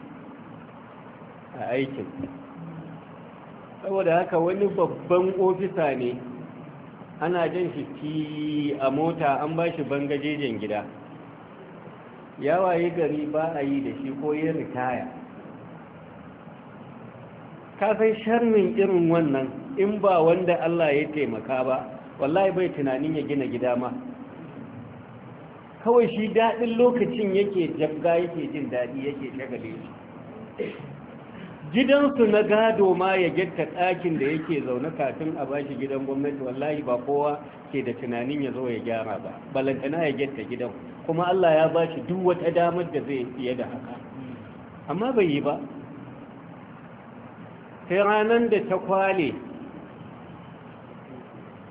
a aikin saboda haka wani babban ofisa ne ana jan shi a mota an ba shi bangajejen gida ya waye gari ba a yi da shi ko ya ritaya kasan sharmin irin wannan in ba wanda Allah ya taimaka ba wallahi bai tunanin ya gina gida ma kawai shi daɗin lokacin yake jabga yake jin daɗi yake shagale shi gidansu na gado ma ya getta ɗakin da yake zaune kafin a bashi gidan gwamnati wallahi ba kowa ke da tunanin ya zo ya gyara ba balantana ya getta gidan kuma Allah ya bashi duk wata damar da zai fiye da haka amma bai yi ba sai ranar da ta kwale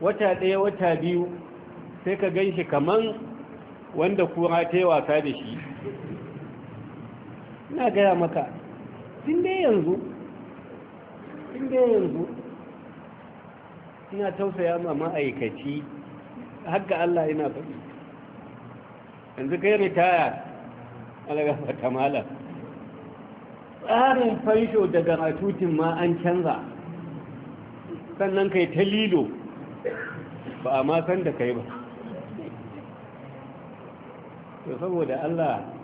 wata ɗaya wata biyu sai ka gan shi kaman wanda kura ta yi wasa da shi na gaya maka in dai yanzu in dai yanzu ina tausaya ma ma'aikaci haka Allah ina faɗi yanzu kai ritaya alaga fata malam tsarin fansho daga ratutin ma an canza sannan kai ta lilo ba a san da kai ba to saboda Allah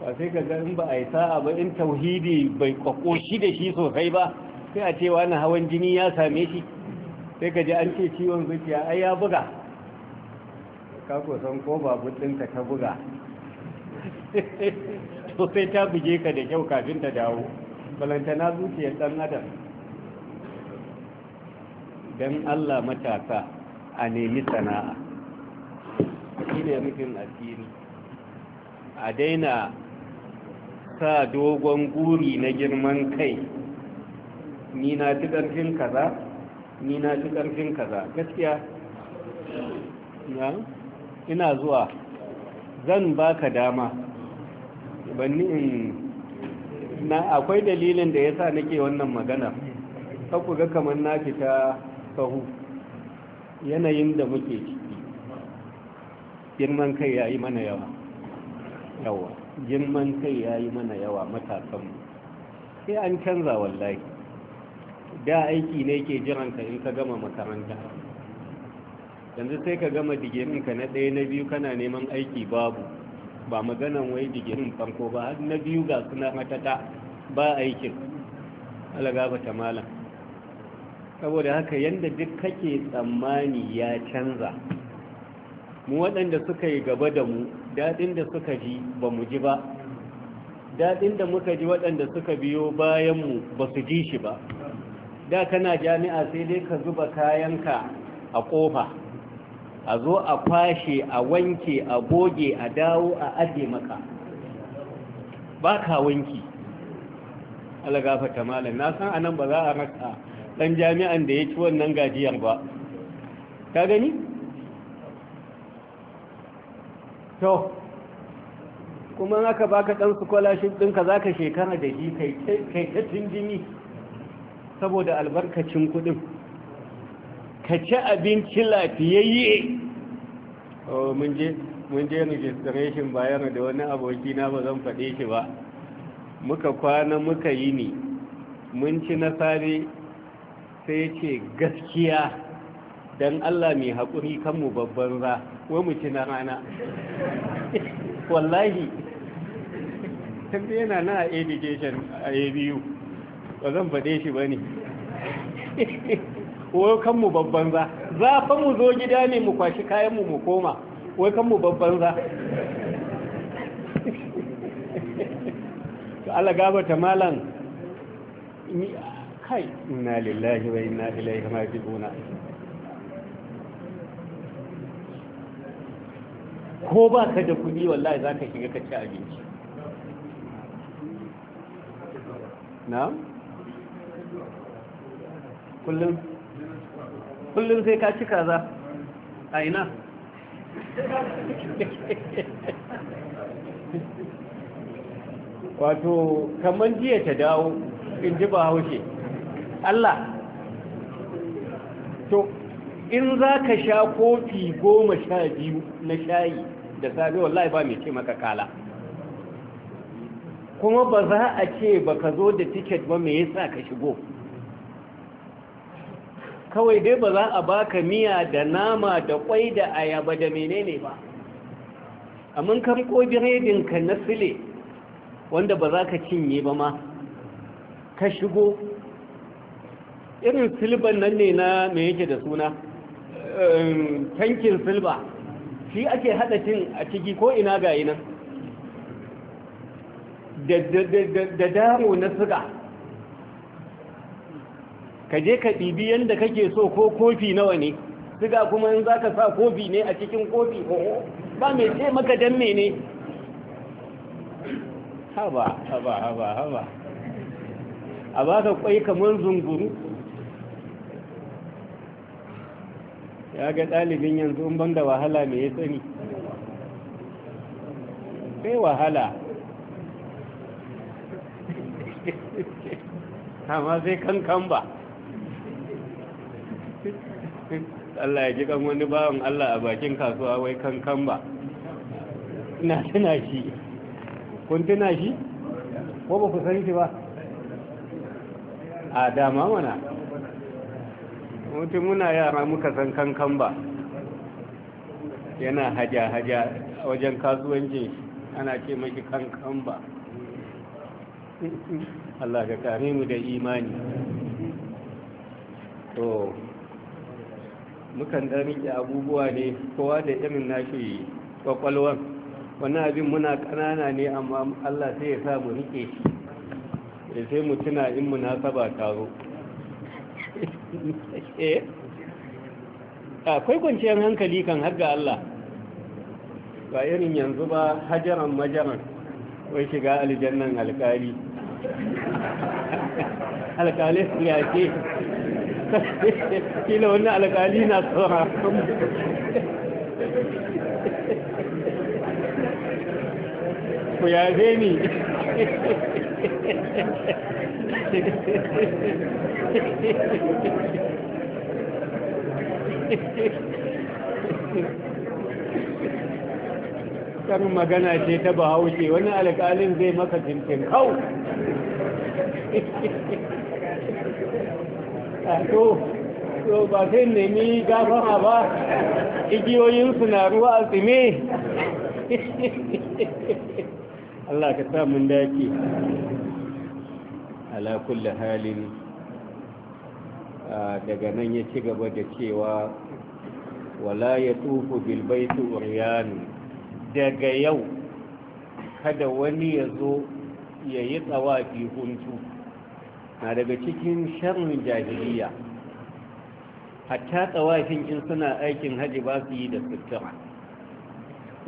ba sai ka ga ba a yi sa'a ba in tauhidi bai shi da shi sosai ba sai a ce wani hawan jini ya same shi sai ka ji an ce ciwon zuciya ai ya buga ka kusan ko babu ɗinka ta buga to sai ta buge ka da kyau kafin ta dawo balantana zuciyar ɗan adam don allah matasa a nemi sana'a shi ne asiri a daina sa dogon guri na girman kai ni na ci ƙarfin kaza ni na ci ƙarfin kaza gaskiya ya ina zuwa zan baka dama banni in na akwai dalilin da yasa nake wannan magana ku ga kamar na fita sahu yanayin da muke ciki girman kai yayi mana yawa yawa girman kai ya yi mana yawa matasanmu sai an canza wallahi da aiki ne ke ka in ka gama makaranta yanzu sai ka gama digirin ka na ɗaya na biyu kana neman aiki babu ba maganan wai digirin farko ba har na biyu ga suna matata ba aikin alagaba ta malam saboda haka yadda duk kake tsammani ya canza mu waɗanda suka yi gaba da mu daɗin da suka ji ba mu ji ba daɗin da muka ji waɗanda suka biyo bayanmu ba su ji shi ba da kana jami'a sai dai ka zuba kayanka a ƙofa a zo a kwashe a wanke a goge a dawo a aje maka ba ka wanki algafa ta malam na san anan ba za a raka ɗan jami'an da ya ci wannan gajiyar ba ka gani to kuma aka baka dan scholarship ɗinka za ka shekara da shi kai ta jini saboda albarkacin kudin ka ci abinci lafiyayye oh, mun je registration bayan da wani aboki na ba zan faɗe shi ba muka kwana muka yi ni, mun ci na sare sai ce gaskiya don Allah mai haƙuri kan mu babban za, wai mu ci na rana wallahi tambi yana na a education a abu ba zan faɗe shi ba ne wai kan mu babban za, za fa mu zo gida ne mu kwashi kayan mu mu koma wai kan mu babban ra Allah gabata malam kai Na lillahi wa inna ilaihi raji'un ko ba ka da kuɗi wallahi za ka shiga ka ci abinci na? kullum kullum sai ka ci kaza a ina wato kamar jiya ta dawo in ji ba haushe Allah to in za ka sha kofi goma sha biyu na shayi da safe wallahi ba mai ce maka kala kuma ba za a ce ba ka zo da tiket ba mai yasa ka shigo kawai dai ba za a baka miya da nama da kwai da ayaba da menene ba amma ka riko biredinka na sile wanda ba za ka cinye ba ma ka shigo irin silban nan ne na mai yake da suna ehm, tankin silba shi ake hada cin a ciki ko ina gayi nan da damo na suka ka je ka ɗibi yadda kake so ko kofi nawa ne suka kuma yin za ka sa kofi ne a cikin kofi ba mai ce maka don mene haba haba haba haba a ba ka kwai kamar zunguru ya ga ɗalibin yanzu in ban da wahala mai ya sani sai wahala amma sai kankan ba Allah ya ji kan wani bawan Allah a bakin kasuwa wai kankan ba ina tuna shi kun tuna shi ko ba ku san shi ba a dama mana mutum muna yara muka san kankan ba yana haja-haja wajen kasuwancin ana ce maki kankan ba Allah ka kare mu da imani to mukan dan rike abubuwa ne kowa da irin nashi kwakwalwan wani abin muna kanana ne amma Allah sai ya sa mu rike sai mu tuna in saba taro eh akwai kwanciyar hankali kan har ga Allah ba irin yanzu ba hajaran majaran wai shiga aljannan alkali alkali ya ce kila wani alkali na tsora ku zai ni Kar magana ce ta bahaushe wani alƙalin zai maka kau, a to ba sai nemi gafara ba igiyoyin suna ruwa a tsime Allah ka samun daki ala kulle halin ah, daga nan ya ci gaba da cewa wala ya tufu bilbaitu uriyanu daga yau kada wani ya zo ya yi tsawafi huntu na daga cikin sharrin jahiliya hatta tsawafin in suna aikin haji ba su yi da sutura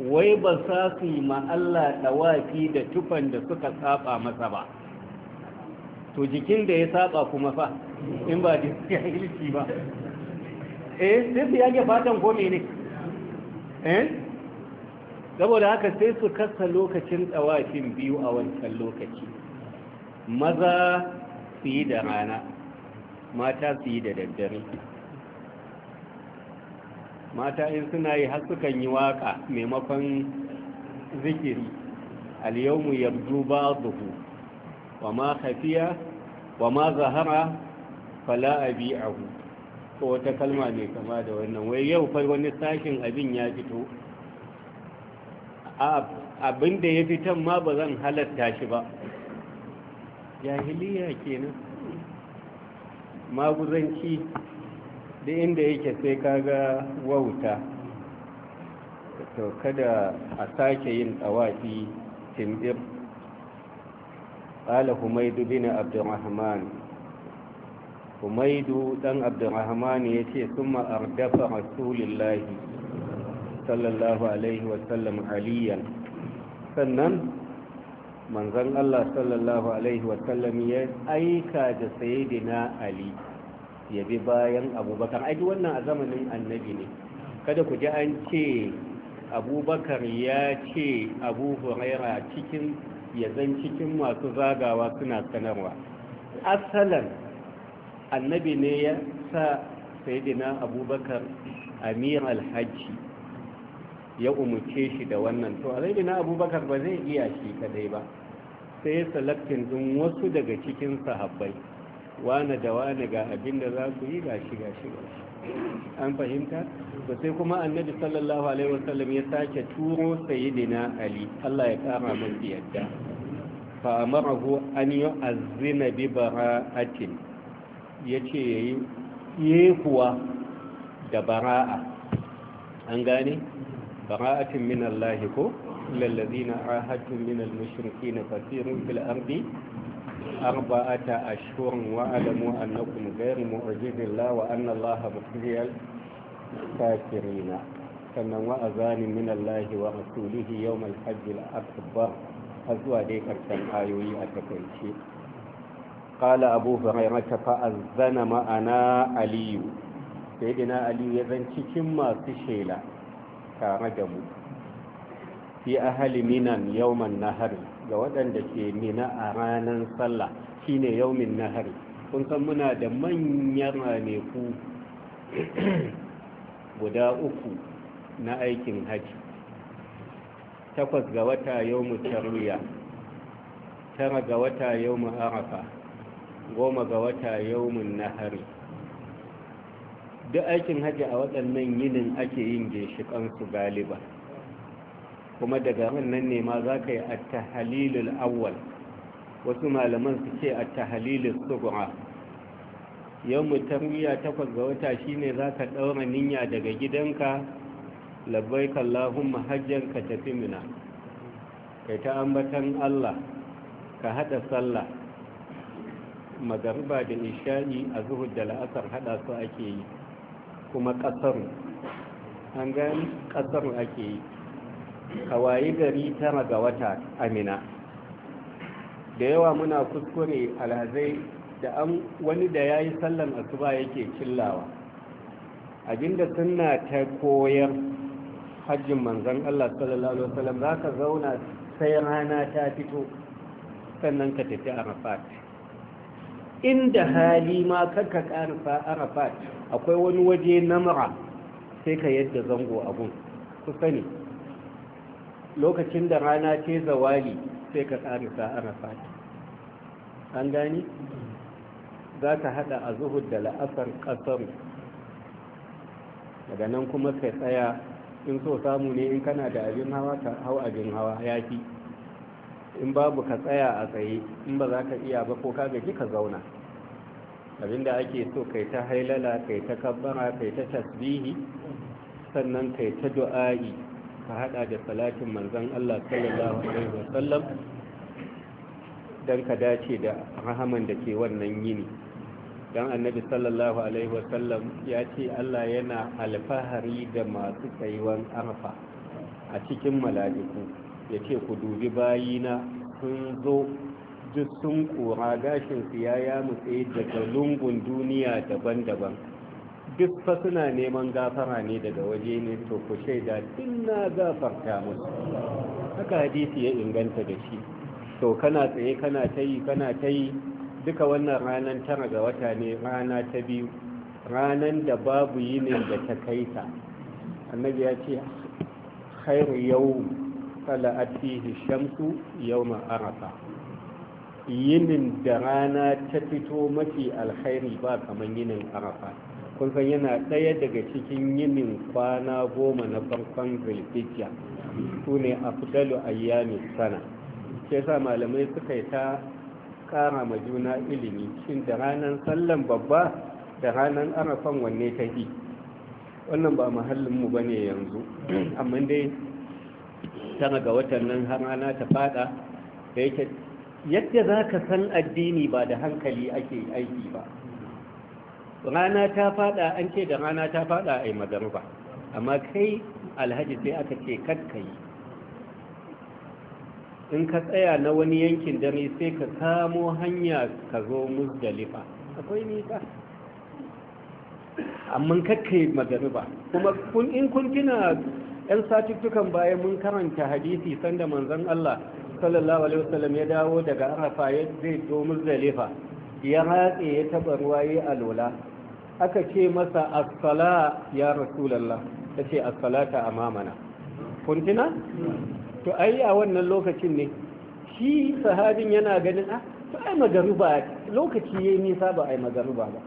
wai ba sa su yi ma'alla tsawafi da tufan da suka saba masa ba to jikin da ya saba kuma fa in ba jahilci ba eh sai su yage fatan ko ne eh saboda haka sai su kasa lokacin tsawafin biyu a wancan lokaci maza su yi da rana mata su yi da daddare mata in suna yi har sukan yi waka maimakon zikiri al yawmu yabdu ba'dhu wa ma khafiya wa ma zahara fala abi'ahu ko wata kalma mai kama da wannan wai yau fa wani sashin abin ya fito abin da ya fitan ma ba zan halatta shi ba jahiliya kenan maguzanci da inda yake sai kaga wauta to kada a sake yin tsawafi tindir قال حميد بن عبد الرحمن حميد بن عبد الرحمن يتي ثم أردف رسول الله صلى الله عليه وسلم عليا sannan manzan Allah sallallahu alaihi wasallam ya aika da sayyidina Ali ya bi bayan abubakar aiki wannan a zamanin annabi ne kada ku ji an ce abubakar ya ce abu huraira cikin ya zan cikin masu zagawa suna sanarwa asalan annabi ne ya sa saidina abubakar amir alhaji ya umarce shi da wannan to sayidina abubakar ba zai iya shi kadai ba sai ya salaktin din wasu daga cikin sahabbai wane da wane ga abin da za ku yi gashi gashi gashi an fahimta to sai kuma annabi sallallahu alaihi wasallam ya sake turo sayyidina ali Allah ya kara masa yadda fa amarahu an yu'azzina bi bara'atin yace yayi yekuwa da bara'a an gane bara'atin min Allah ko lil ladina ahadtu min al-mushrikeena fasirun fil ardi أربعة أشهر واعلموا أنكم غير معجز الله وأن الله مخزي الكافرين sannan wa'azanin min Allah wa rasulihi yawm al-hajj al-akbar har dai karshen ayoyi a takaice qala abu hurairah fa azana ma'ana ali sayyidina ali ya zan cikin masu shela tare da mu fi ahli minan yawm an-nahar ga waɗanda ke mina a ranar sallah shine yaumin nahari kun san muna da manyan ranaku guda uku na aikin haji takwas ga wata yaumu tarwiya tara ga wata yaumu arafa goma ga wata na nahari duk aikin haji a waɗannan yinin ake yin ginshiƙansu galiba kuma daga wannan ne ma za ka yi attahalilul awwal wasu malaman su ce attahalilul subu'a yau mutarwiya takwas ga wata shine za ka ɗaura niyya daga gidanka labbai kallahun mahajjan ka tafi mina kai ta ambatan allah ka haɗa sallah magariba da isha'i a zuhud da la'asar haɗa su ake yi kuma ƙasar an gani ƙasar ake yi ka wayi gari tara ga wata amina da yawa muna kuskure alhazai da an wani da ya yi sallan asuba yake killawa abinda suna ta koyar hajjin manzan Allah sallallahu Alaihi wasallam za ka zauna sai rana ta fito sannan ka tafi arafat inda hali ma kanka karfa arafat akwai wani waje na mara sai ka yadda zango abun ku sani lokacin da rana ce zawali sai ka tsari sa'ara fati an gani za ka hada a zuhud da la'asar kasar daga nan kuma ka tsaya in so samu ne in kana da abin hawa ta hau abin hawa ya in babu ka tsaya a tsaye in ba za ka iya ba ko kaga ka zauna abinda ake so kai ta hailala kai ta kabbara kai ta tasbihi sannan kai ta du'a'i ka hada da salatin manzon Allah sallallahu alaihi wasallam dan ka dace da rahaman da ke wannan yini dan annabi sallallahu alaihi wasallam ya ce Allah yana alfahari da masu tsayuwan arfa a cikin mala'iku ya ce ku dubi bayina sun zo duk sun kura gashin su ya yamu tsaye daga lungun duniya daban-daban duk fa suna neman gafara ne daga waje ne to ku shaida din na gafarta musu haka hadisi ya inganta da shi to kana tsaye kana ta yi kana ta yi duka wannan ranar tara ga wata ne rana ta biyu ranar da babu yinin da ta kai ta annabi ya ce khairu yau tala'at fihi shamsu yawma arafa yinin da rana ta fito mafi alkhairi ba kaman yinin arafa kun san yana ɗaya daga cikin yinin kwana goma na farkon zulhijja su ne afdalu ayyami sana ke sa malamai suka yi ta ƙara ma juna ilimi shin da ranar sallan babba da ranar arafan wanne ta yi wannan ba mahallinmu ba ne yanzu amma dai tana ga watan nan har rana ta fada da yake yadda za ka san addini ba da hankali ake aiki ba rana ta fada an ce da rana ta fada a yi magaruba amma kai alhaji sai aka ce kakkayi in ka tsaya na wani yankin dare sai ka samo hanya ka zo musdalifa akwai nisa amma kakkayi magaruba kuma in kun gina 'yan satuttukan bayan mun karanta hadisi sanda manzon Allah sallallahu alaihi wasallam ya dawo daga arafa ya zai zo muzdalifa ya ratse ya taɓa ruwa ya alola aka ce masa asala ya rasulallah ta ce assalata a mamana kuntina? to ai a wannan lokacin ne shi sahabin yana ganin a ah, to ai magaruba lokaci ya yi nisa ba ai magaruba ba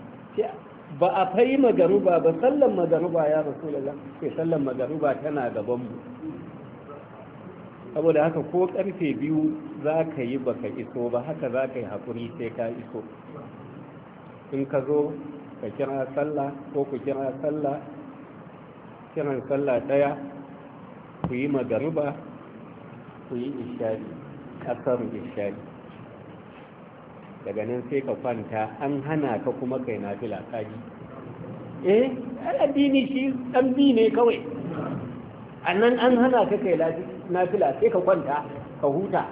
ba a fai magaruba ba sallan magaruba ya rasulallah ke sallan magaruba tana gabanmu saboda haka ko karfe biyu za ka yi baka iso ba haka za ka yi haƙuri sai ka iso in ka zo ka kira sallah ko ku kira sallah kiran sallah daya ku yi magariba ku yi ishari ƙasar ishari daga nan sai ka kwanta an hana ka kuma kai na fila kaji eh addini shi ɗan bi ne kawai annan an hana ka kai na fila sai ka kwanta ka huta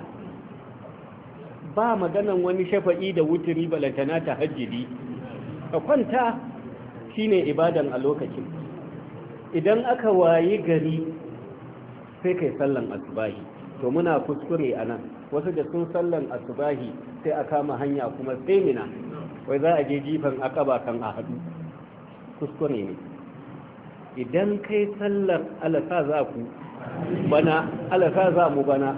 ba maganan wani shafa'i da wuturi balantana ta hajjidi ka kwanta shine ibadan a lokacin idan aka wayi gari sai kai sallan asubahi to muna kuskure a nan wasu da sun sallan asubahi sai a kama hanya kuma sai mina wai za a je jifan akaba kan a hadu kuskure ne idan kai sallar alasa za ku bana alasa za mu bana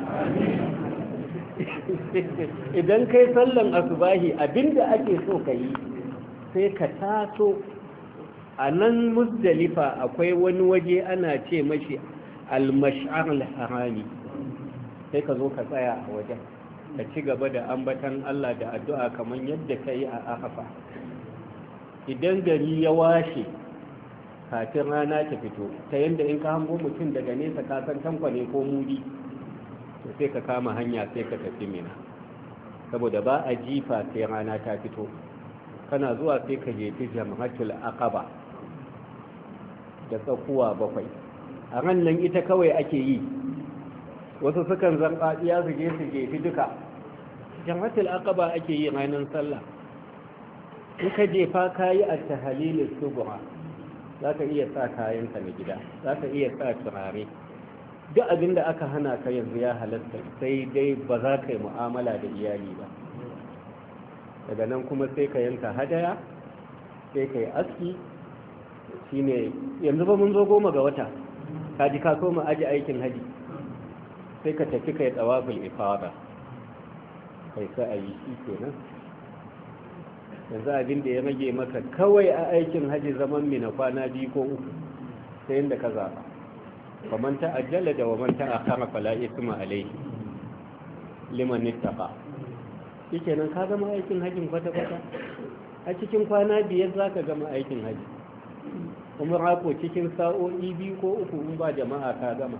idan kai sallan asubahi abinda ake so ka yi sai ka taso a nan musdalifa akwai wani waje ana ce mashi almashar harami sai ka zo ka tsaya a wajen ka ci gaba da ambatan Allah da addu'a kamar yadda ka yi a ahafa idan gari ya washe kafin rana ta fito ta yadda in ka hango mutum daga nesa kasan tankwa ne ko muri to sai ka kama hanya sai ka tafi mina saboda ba a jifa sai rana ta fito kana zuwa sai ka jefi jamhatul aqaba da tsakuwa bakwai a ran nan ita kawai ake yi wasu sukan zamba ya su je su jefi duka jamhatul aqaba ake yi ranar sallah in ka jefa kayi a tahalilis subha za ka iya sa kayan ka na gida za ka iya sa turare duk abin da aka hana ka yanzu ya halatta sai dai ba za ka yi mu'amala da iyali ba daga nan kuma sai ka yanka hadaya sai ka yi aski ne yanzu ba mun zo goma ga wata ka ji ka koma aji aikin haji sai ka tafi kai tsawabin ifada kai sa a yi shi kenan yanzu abin da ya mage maka kawai a aikin haji zaman mina kwana biyu ko uku sai yadda ka zaɓa wa man ta'ajjala da wa man ta'akhara fala isma alayhi liman ittaqa yake nan ka gama aikin hajjin kwata-kwata a cikin kwana biyar za ka gama aikin hajji kuma rako cikin sa'o'i biyu ko uku in ba jama'a ka gama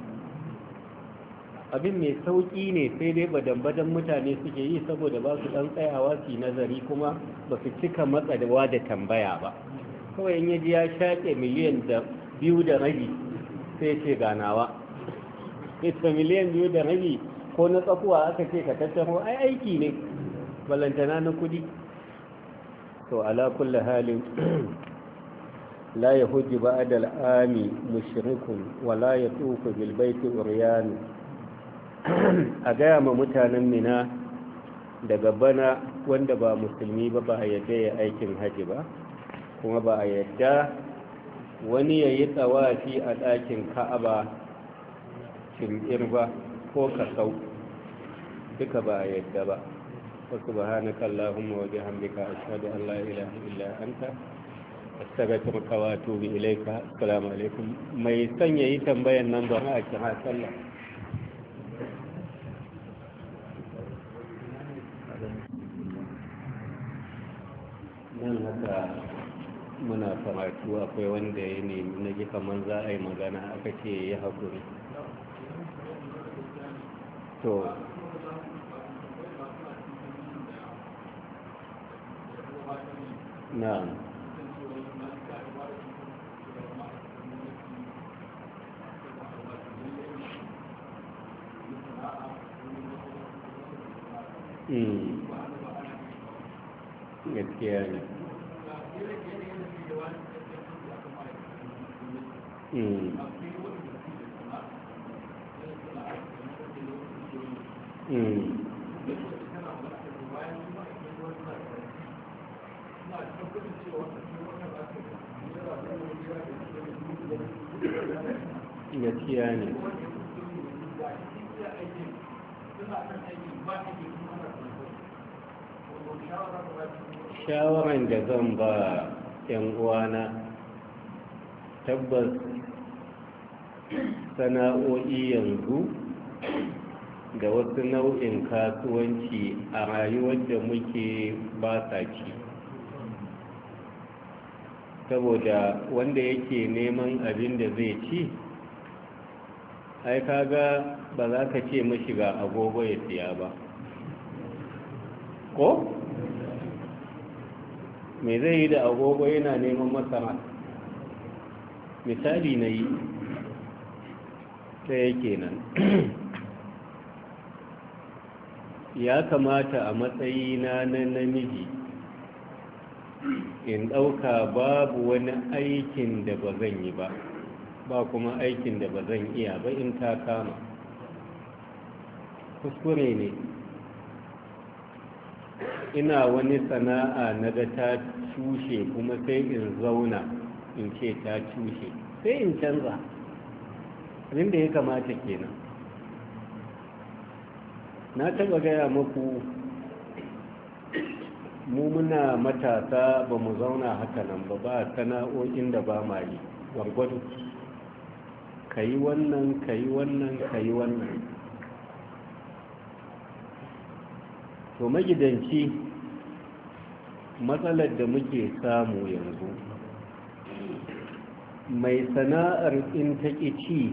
abin mai sauƙi ne sai dai badan-badan mutane suke yi saboda ba su ɗan tsayawa su yi nazari kuma ba su cika matsawa da tambaya ba kawai in yaji ya shaƙe miliyan da biyu da rabi sai ce ganawa ita miliyan biyu da rabi ko na tsakuwa aka ce ka tattaro ai aiki ne balantana na kudi to ala kulli halin la yahujju ba'da al'ami mushrikun wa la ya bil baiti uryan a gaya ma mutanen mina daga bana wanda ba musulmi ba ba a yadda ya aikin haji ba kuma ba a yadda wani ya yi tsawafi a ɗakin ka'aba shim'ir ba ko kasau duka ba a yadda ba وسبحانك اللهم وبحمدك أشهد أن لا إله إلا أنت أستغفرك وأتوب إليك السلام عليكم ما يسني تنبيه النمبر أكرم الله dan haka muna karatu akwai wanda ya nemi na ji kamar za a yi magana aka ce ya haƙuri to na'am gaskiya ne gaskiya shawaran da zan ba 'yan uwana tabbas sana'o'i yanzu da wasu nau'in kasuwanci a rayuwar da muke ba sa ci saboda wanda yake neman abin da zai ci ai kaga ba za ka ce mashi ga agogo ya siya ba ko mai zai yi da agogo yana neman masara misali na yi ta yake nan ya kamata a matsayi na namiji in ɗauka babu wani aikin da ba zan yi ba ba kuma aikin da ba zan iya ba in ta kama kuskure ne ina wani sana'a na ga ta cushe kuma sai in zauna in ce ta cushe sai in canza abin da ya kamata kenan na taba gaya muku mu muna matasa ba mu zauna haka nan ba ba sana'o'in da ba ma yi gwargwado ka yi wannan ka yi wannan ka yi wannan to magidanci matsalar da muke samu yanzu mai sana'ar in ta ci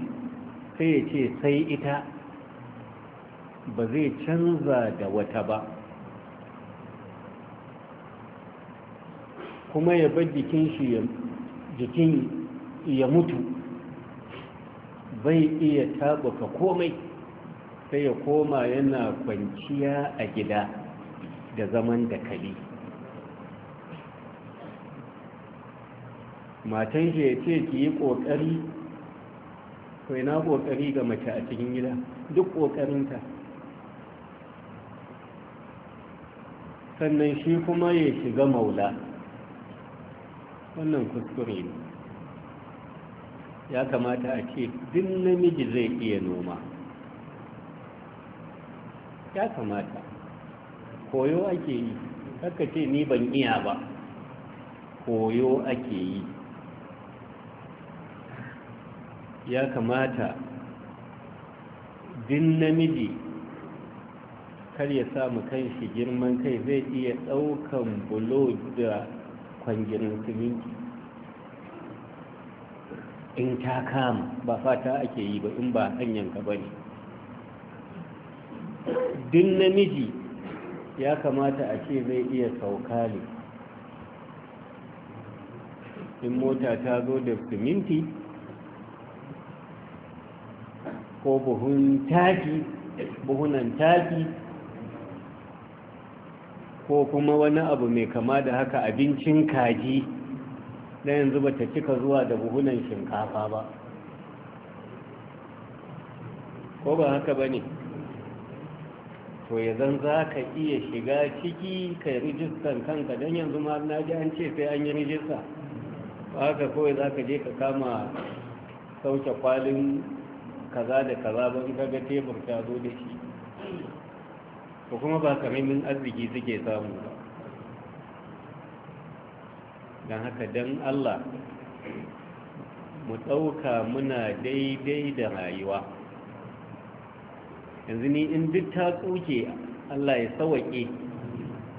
sai ya ce sai ita ba zai canza da wata ba kuma ya bar jikin shi ya mutu bai iya tabuka komai sai ya koma yana kwanciya a gida da zaman da kali matan shi ya ce ki yi ƙoƙari to ina ƙoƙari ga mace a cikin gida duk ƙoƙarinta sannan shi kuma ya shiga maula wannan kuskure ne ya kamata a ce duk namiji zai iya noma ya kamata koyo ake yi haka ce ni ban iya ba koyo ake yi ya kamata din namiji kar ya samu kanshi girman kai zai iya daukan bulo da kwangirin siminti in ta kama ba fata ake yi ba in ba hanyanka ba ne Din namiji ya kamata a ce zai iya sauka ne in mota ta zo da siminti ko buhun taki buhunan taki ko kuma wani abu mai kama da haka abincin kaji na yanzu ba ta cika zuwa da buhunan shinkafa ba ko ba haka ba ne to yanzu za ka iya shiga ciki ka yi rijistan kanka don yanzu ma na ji an ce sai an yi rijista ba haka kawai za ka je ka kama sauke kwalin kaza da kaza ba in kaga tebur ta zo da shi ko kuma ba karamin arziki suke samu ba don haka don Allah mu ɗauka muna daidai da rayuwa yanzu ni in duk ta tsoke Allah ya sawaƙe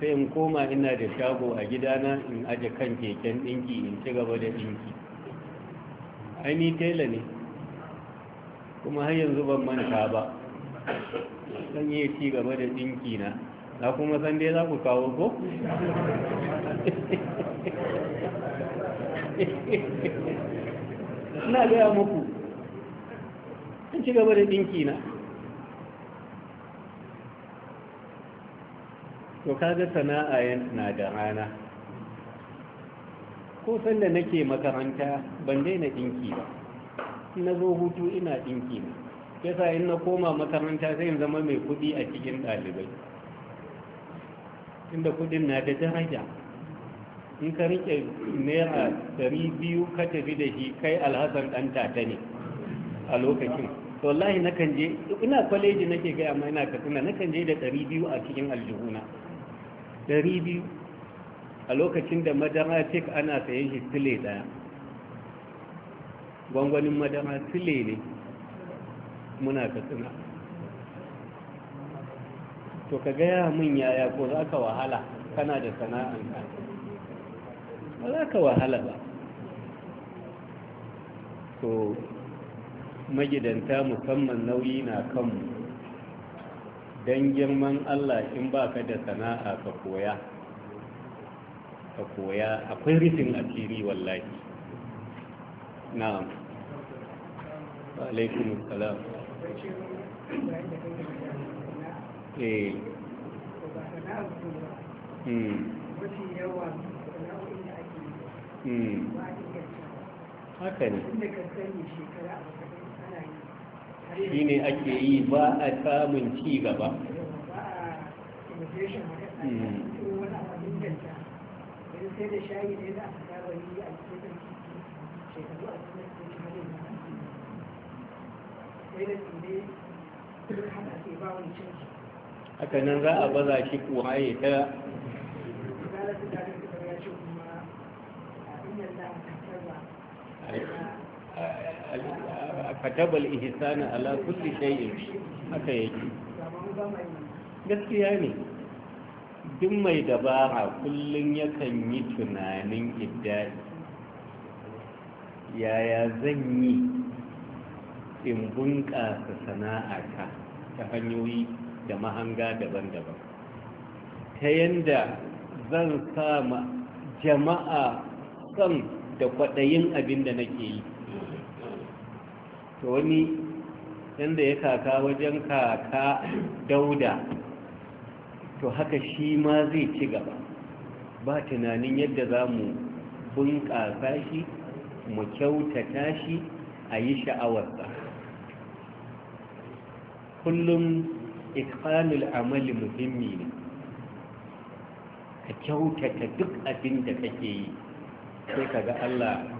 sai in koma ina da shago a gidana in aje kan keken ɗinki in ci gaba da ɗinki aini tela ne kuma har yanzu ban manta ba zan iya ci gaba da ɗinki na na kuma san dai za ku kawo ko? na gaya muku in ci gaba da dinki na to kaga sana'a yana da rana ko sanda nake makaranta ban daina ɗinki ba na zo hutu ina ɗinki ne yasa in na koma makaranta sai zama mai kuɗi a cikin ɗalibai inda kuɗin na da daraja in ka rike naira dari biyu ka tafi da shi kai alhassan ɗan tata ne a lokacin wallahi na kan je ina kwaleji nake gaya ma ina katsina na kan je da dari biyu a cikin aljihuna dari biyu a lokacin da madara cik ana sayan shi tile daya gwangwanin madara sile ne muna katsina to ka gaya min yaya ko za ka wahala kana da sana'a ba za ka wahala ba to magidanta musamman nauyi na kanmu don girman allah in ba ka da sana'a ka koya ka koya akwai rufin asiri wallahi na'am alaikun salam eh hmm. yawa Hmm. haka ne shi ne ake yi ba a samun ci gaba haka nan za a baza shi kuwa ya ta katabal ihsana ala kulli shay'in haka yake gaskiya ne duk mai dabara kullum yakan yi tunanin iddai yaya zan yi in bunƙasa sana'a ta hanyoyi da mahanga daban-daban ta yanda zan sama jama'a son da kwaɗayin abin da nake yi to wani yadda ya kaka wajen kaka dauda to haka shi ma zai ci gaba ba tunanin yadda za mu bunƙasa shi mu kyautata shi a yi sha'awarsa kullum ikhanul amali muhimmi ne ka kyautata duk abin da kake yi sai ka ga allah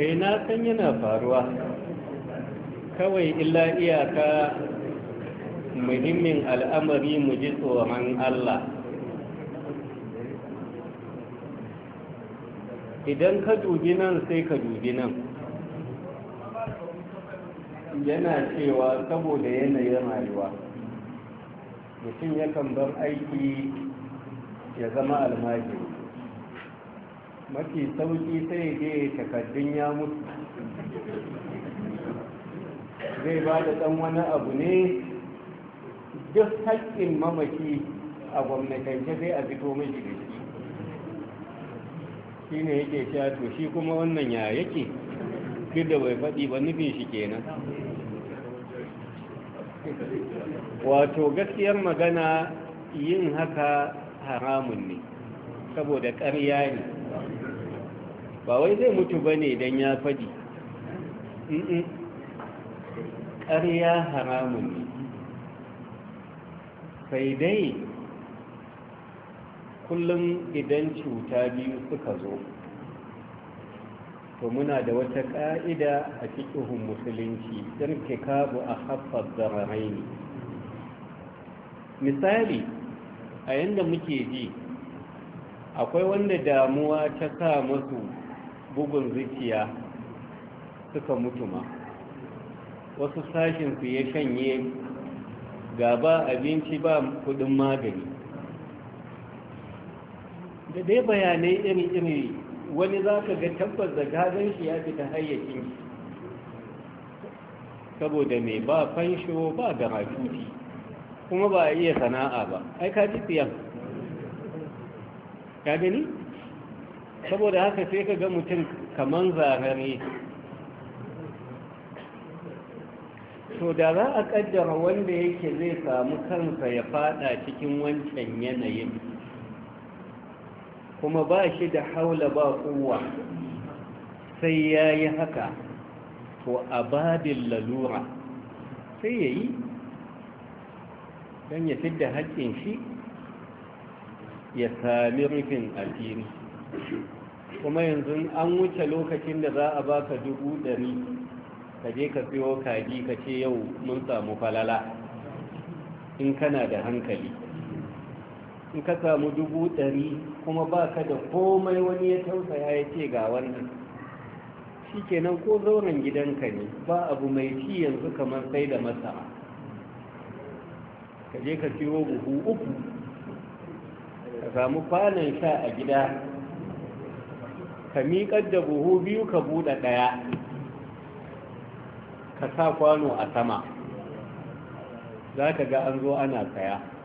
eh na san yana faruwa kawai illa iyaka muhimmin al'amari mu ji tsoron Allah idan ka dubi nan sai ka dubi nan yana cewa saboda yanayin rayuwa mutum yakan bar aiki ya zama almajiri mafi sauki sai dai takaddun ya mutu zai ba da ɗan wani abu ne duk haƙƙin mamaki a gwamnatance zai a fito mai da shi shi ne yake sha to shi kuma wannan ya yake duk bai faɗi ba nufin shi kenan wato gaskiyar magana yin haka haramun ne saboda ƙarya ne ba wai zai mutu ba ne don ya faɗi ƙarya haramun ne sai dai kullum idan cuta biyu suka zo to muna da wata ƙa'ida a cikin musulunci don kabu a haifar ne. misali a yadda muke ji akwai wanda damuwa ta sa masu bugun zuciya suka mutuma wasu sashinsu ya shanye ga ba abinci ba kudin magani da dai bayanai iri-iri wani za ka ga tabbas da gadon shi ya fita hayyacin saboda mai ba fansho ba ga matuti kuma ba a iya sana'a ba ai ka ji tsiyan ka gani saboda haka sai ka ga mutum kaman zarare so da za a kaddara wanda yake zai samu kansa ya fada cikin wancan yanayin kuma ba shi da haula ba kuwa sai ya yi haka to a babin lalura sai ya yi don ya fi da haƙƙin shi ya sami rufin alfini kuma yanzu an wuce lokacin da za a baka dubu ɗari ka je ka siyo kaji ka ce yau mun samu falala in kana da hankali in ka samu dubu ɗari kuma ba ka da komai wani ya tausaya ya ce ga wannan shi kenan ko zauren gidanka ne ba abu mai ci yanzu kamar sai da masa ka je ka siyo buhu uku ka samu kwanan sha a gida ka miƙar da buhu biyu ka buɗe ɗaya ka sa kwano a sama za ka ga an zo ana saya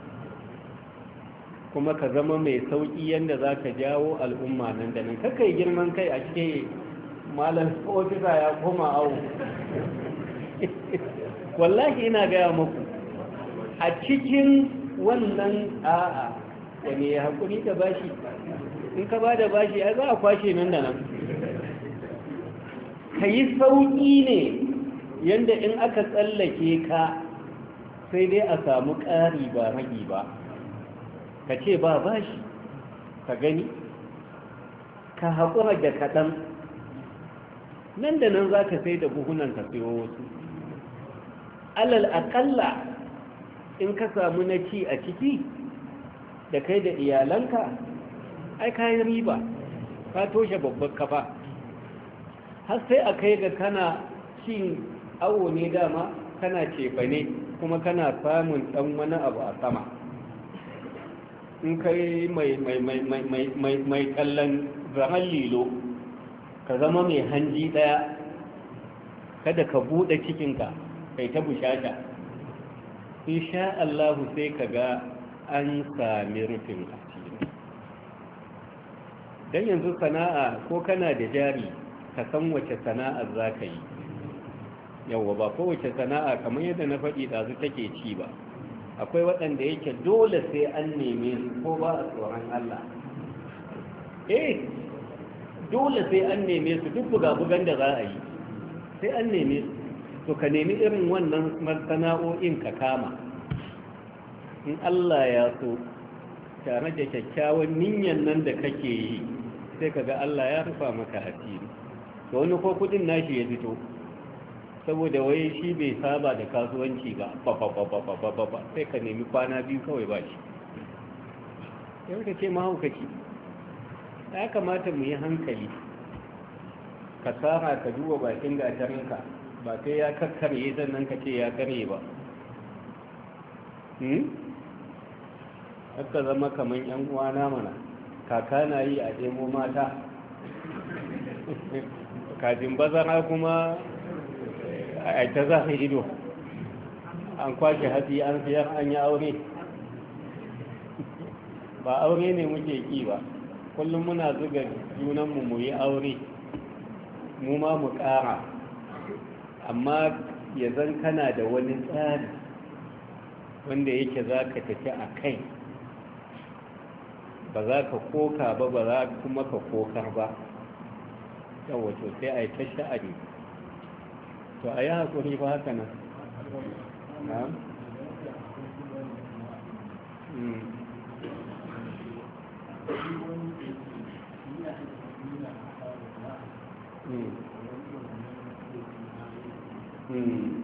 kuma ka zama mai sauƙi yadda za ka jawo al'umma nan da nan kakai girman kai a cike malar ofisa ya koma awo wallahi ina gaya maku a cikin wannan a'a da ya haƙuri da bashi in ka ba da bashi ya za a kwashe nan da nan ka yi sauƙi ne yadda in aka tsallake ka sai dai a samu ƙari ba ragi ba ka ce ba bashi ka gani ka haƙura da kaɗan nan da nan za ka sai da buhunan ka sayo wasu alal aƙalla in ka samu na ci a ciki da kai da iyalanka ai kayan riba ka toshe babbar kafa har sai a kai ga kana cin awo ne dama kana cefane kuma kana samun ɗan wani abu a sama in kai mai kallon zaman lilo ka zama mai hanji daya kada ka bude cikinka kai ta bushata sha Allahu sai ka ga an sami rufin asiri don yanzu sana'a ko kana da jari ka san wace sana'ar za ka yi yawwa ba kowace sana'a kamar yadda na faɗi ɗazu take ci ba akwai waɗanda yake dole sai an neme su ko ba a tsoron Allah eh dole sai an neme su duk buga-bugan da za a yi sai an neme su to ka nemi irin wannan sana'o'in ka kama in Allah ya so tare da kyakkyawan niyyar nan da kake yi sai ka ga Allah ya rufa maka hasiri to wani ko kudin nashi ya fito saboda wai shi bai saba da kasuwanci ba ba sai ka nemi kwana biyu kawai ba shi yau da ce mahaukaci ya kamata mu yi hankali ka tsara ka duba bakin gatarinka ba kai ya kakkarye sannan ka ce ya karye ba haka hmm? zama kamar yan uwana mana kaka na yi a demo mata kajin bazara kuma a ta za ido an kwashe hatsi an siyar an yi aure ba aure ne muke ki ba kullum muna zuga junanmu mu yi aure mu ma mu ƙara amma ya zan kana da wani tsari wanda yake za ka tafi a kai ba za ka koka ba ba za kuma ka kokar ba yawon sai a yi ta sha'ani to a yi haƙuri ba haka nan Mm.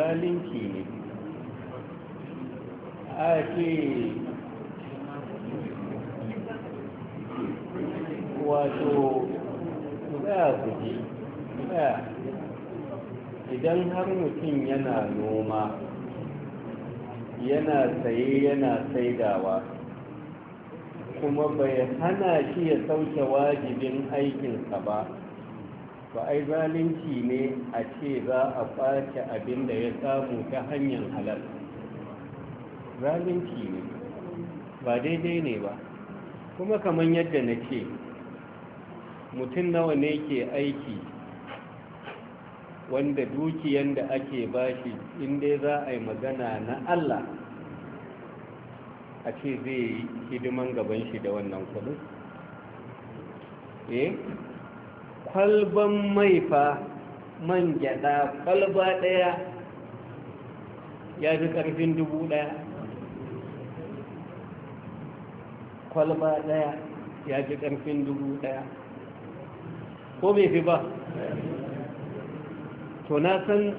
zalinki ne a ce wato za ku ji idan har mutum yana noma yana saye yana saidawa kuma bai hana shi ya sauke wajibin aikinsa ba ba ai zalunci ne a ce za a kwace abin da ya samu ta hanyar halal zalunci ne ba daidai ne ba kuma kamar yadda na ce mutum nawa ne ke aiki wanda dukiyan da ake bashi inda za a yi magana na Allah a ce zai yi hidiman gaban shi da wannan kudin eh kwalban mai fa man gyada kwalba daya ya fi karfin dubu daya kwalba daya ya fi karfin dubu daya ko bai fi ba to na san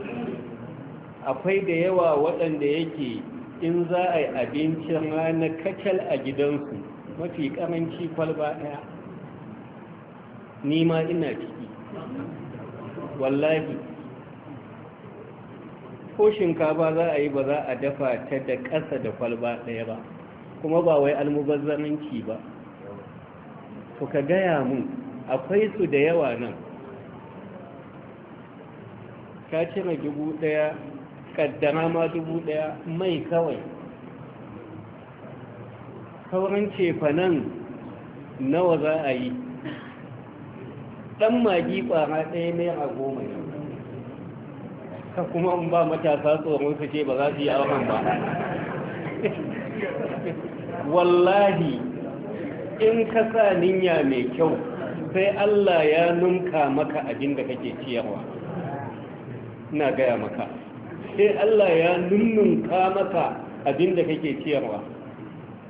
akwai da yawa waɗanda yake in za a yi abincin rana kacal a gidansu mafi ƙaranci kwalba ɗaya ni ma ina ciki wallahi ko shinkafa za a yi ba za a dafa ta da ƙasa da kwalba ɗaya ba kuma ba wai almubazzaranci ba to ka gaya mun akwai su da yawa nan ka cire dubu ɗaya ƙaddana ma dubu ɗaya mai kawai sauran nan nawa za a yi ɗan magi ƙwara ɗaya naira goma ka kuma in ba matasa tsoron su ce ba za su yi auren ba wallahi in ka sa niyya mai kyau sai Allah ya nunka maka abin da kake ciyarwa na gaya maka sai Allah ya nunnunka maka abin da kake ciyarwa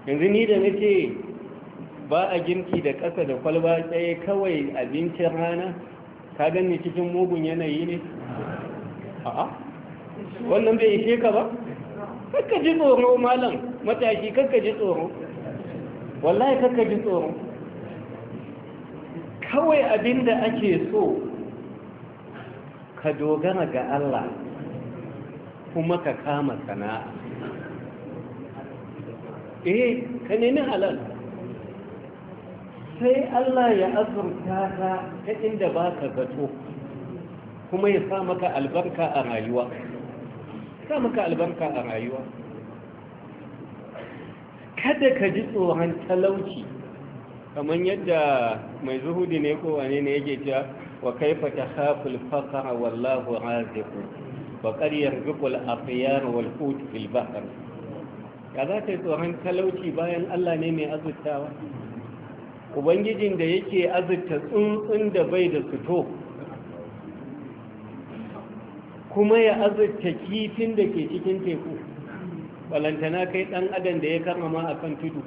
yanzu ni da nake ba a girki da ƙasa da kwalba ɗaya kawai abincin rana ka ganni cikin mugun yanayi ne a'a wannan bai ishe ka ba kakka ji tsoro malam matashi kakka ji tsoro wallahi kakka ji tsoro kawai abin da ake so ka dogara ga Allah kuma ka kama sana'a eh ka nemi halal sai Allah ya azurta ka ta inda ba ka zato kuma ya sa maka albarka a rayuwa sa maka albarka a rayuwa kada ka ji tsoron talauci kamar yadda mai zuhudi ne ko ne yake ja wa kaifa takhaful faqra wallahu raziqu wa qad yarzuqu a afyar wal hut ya za yi tsoron talauci bayan Allah ne mai azurtawa ubangijin da yake azurta tsuntsun da bai da suto kuma ya azurta kifin da ke cikin teku balantana kai dan adam da ya karama a kan tudu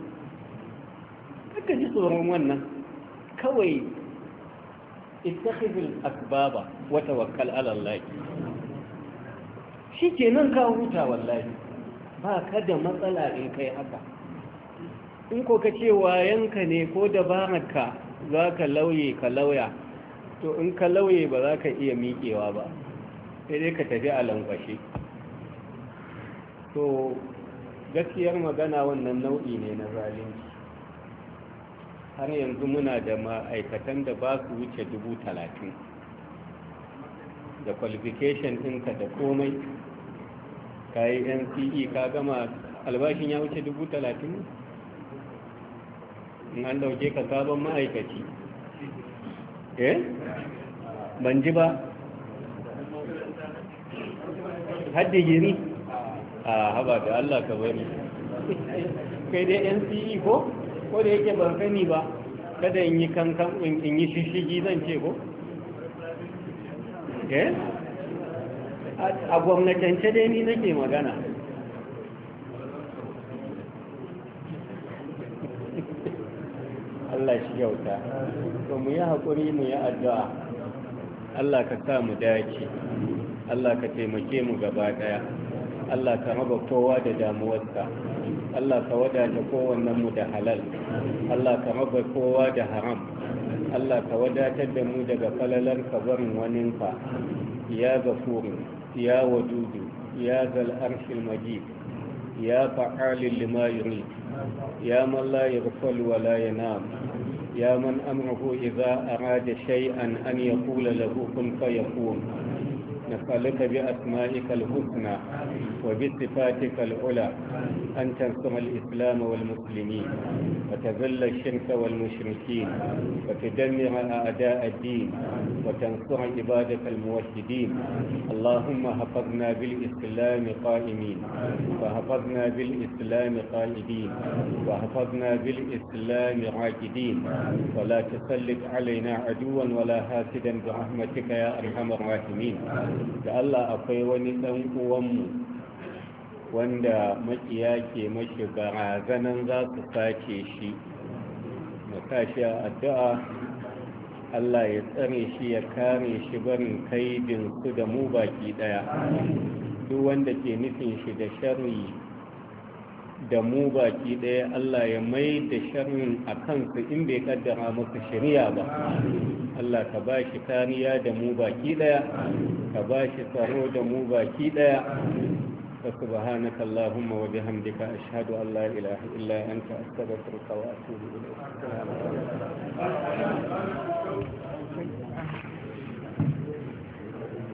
aka ji tsoron wannan kawai ittakhidul asbaba wa tawakkal ala Allah nan ka huta wallahi ba ka da matsala in kai haka in ko ka ce wayanka ne ko dabararka za ka lauye ka lauya to in ka lauye ba za ka iya miƙewa ba sai dai ka tafi a lankwashe to gaskiyar magana wannan nau'i ne na zalunci har yanzu muna da ma'aikatan da ba su wuce dubu talatin da qualification ɗinka da komai ka yi nce ka gama albashin ya wuce dubu talatin in an dauke ka sabon ma'aikaci eh ban ji ba haddi giri a haba da Allah ka bari kai dai nce ko ko da yake ban sani ba kada in yi kankan in yi shishigi zan ce ko eh a gwamnatance dai ni nake magana kyauta to mu yi haƙuri mu yi addu'a Allah ka sa mu dace Allah ka taimake mu gaba daya Allah ka raba kowa da damuwarsa Allah ka wadata kowanne mu da halal Allah ka raba kowa da haram Allah ka wadatar da mu daga falalar kabarin waninka ya gafuru ya wadudu ya zal arshil majid ya fa'alil lima yurid ya man la yaghfal wa la yanam يا من أمره إذا أراد شيئا أن يقول له كن فيكون نسألك بأسمائك الحسنى وبصفاتك العلى أن تنصر الإسلام والمسلمين وتذل الشرك والمشركين وتدمر أعداء الدين وتنصر عبادك الموحدين اللهم حفظنا بالإسلام قائمين وحفظنا بالإسلام قائدين وحفظنا بالإسلام عاكدين ولا تسلط علينا عدوا ولا حاسدا برحمتك يا أرحم الراحمين da Allah akwai wani ɗan uwanmu wanda makiya ke mashi barazanan za su sace shi da sashi a addu'a Allah ya tsare shi ya kare shi barin kaidin su da mu baki ɗaya duk wanda ke nufin shi da sharri da mu baki ɗaya Allah ya mai da sharrin a kansu in bai kaddara maka shari'a ba Allah ka ba shi kariya da mu baki ɗaya ka ba shi tsaro da mu baki ɗaya wa subhanaka allahumma wa bihamdika ashhadu an la ilaha illa anta astaghfiruka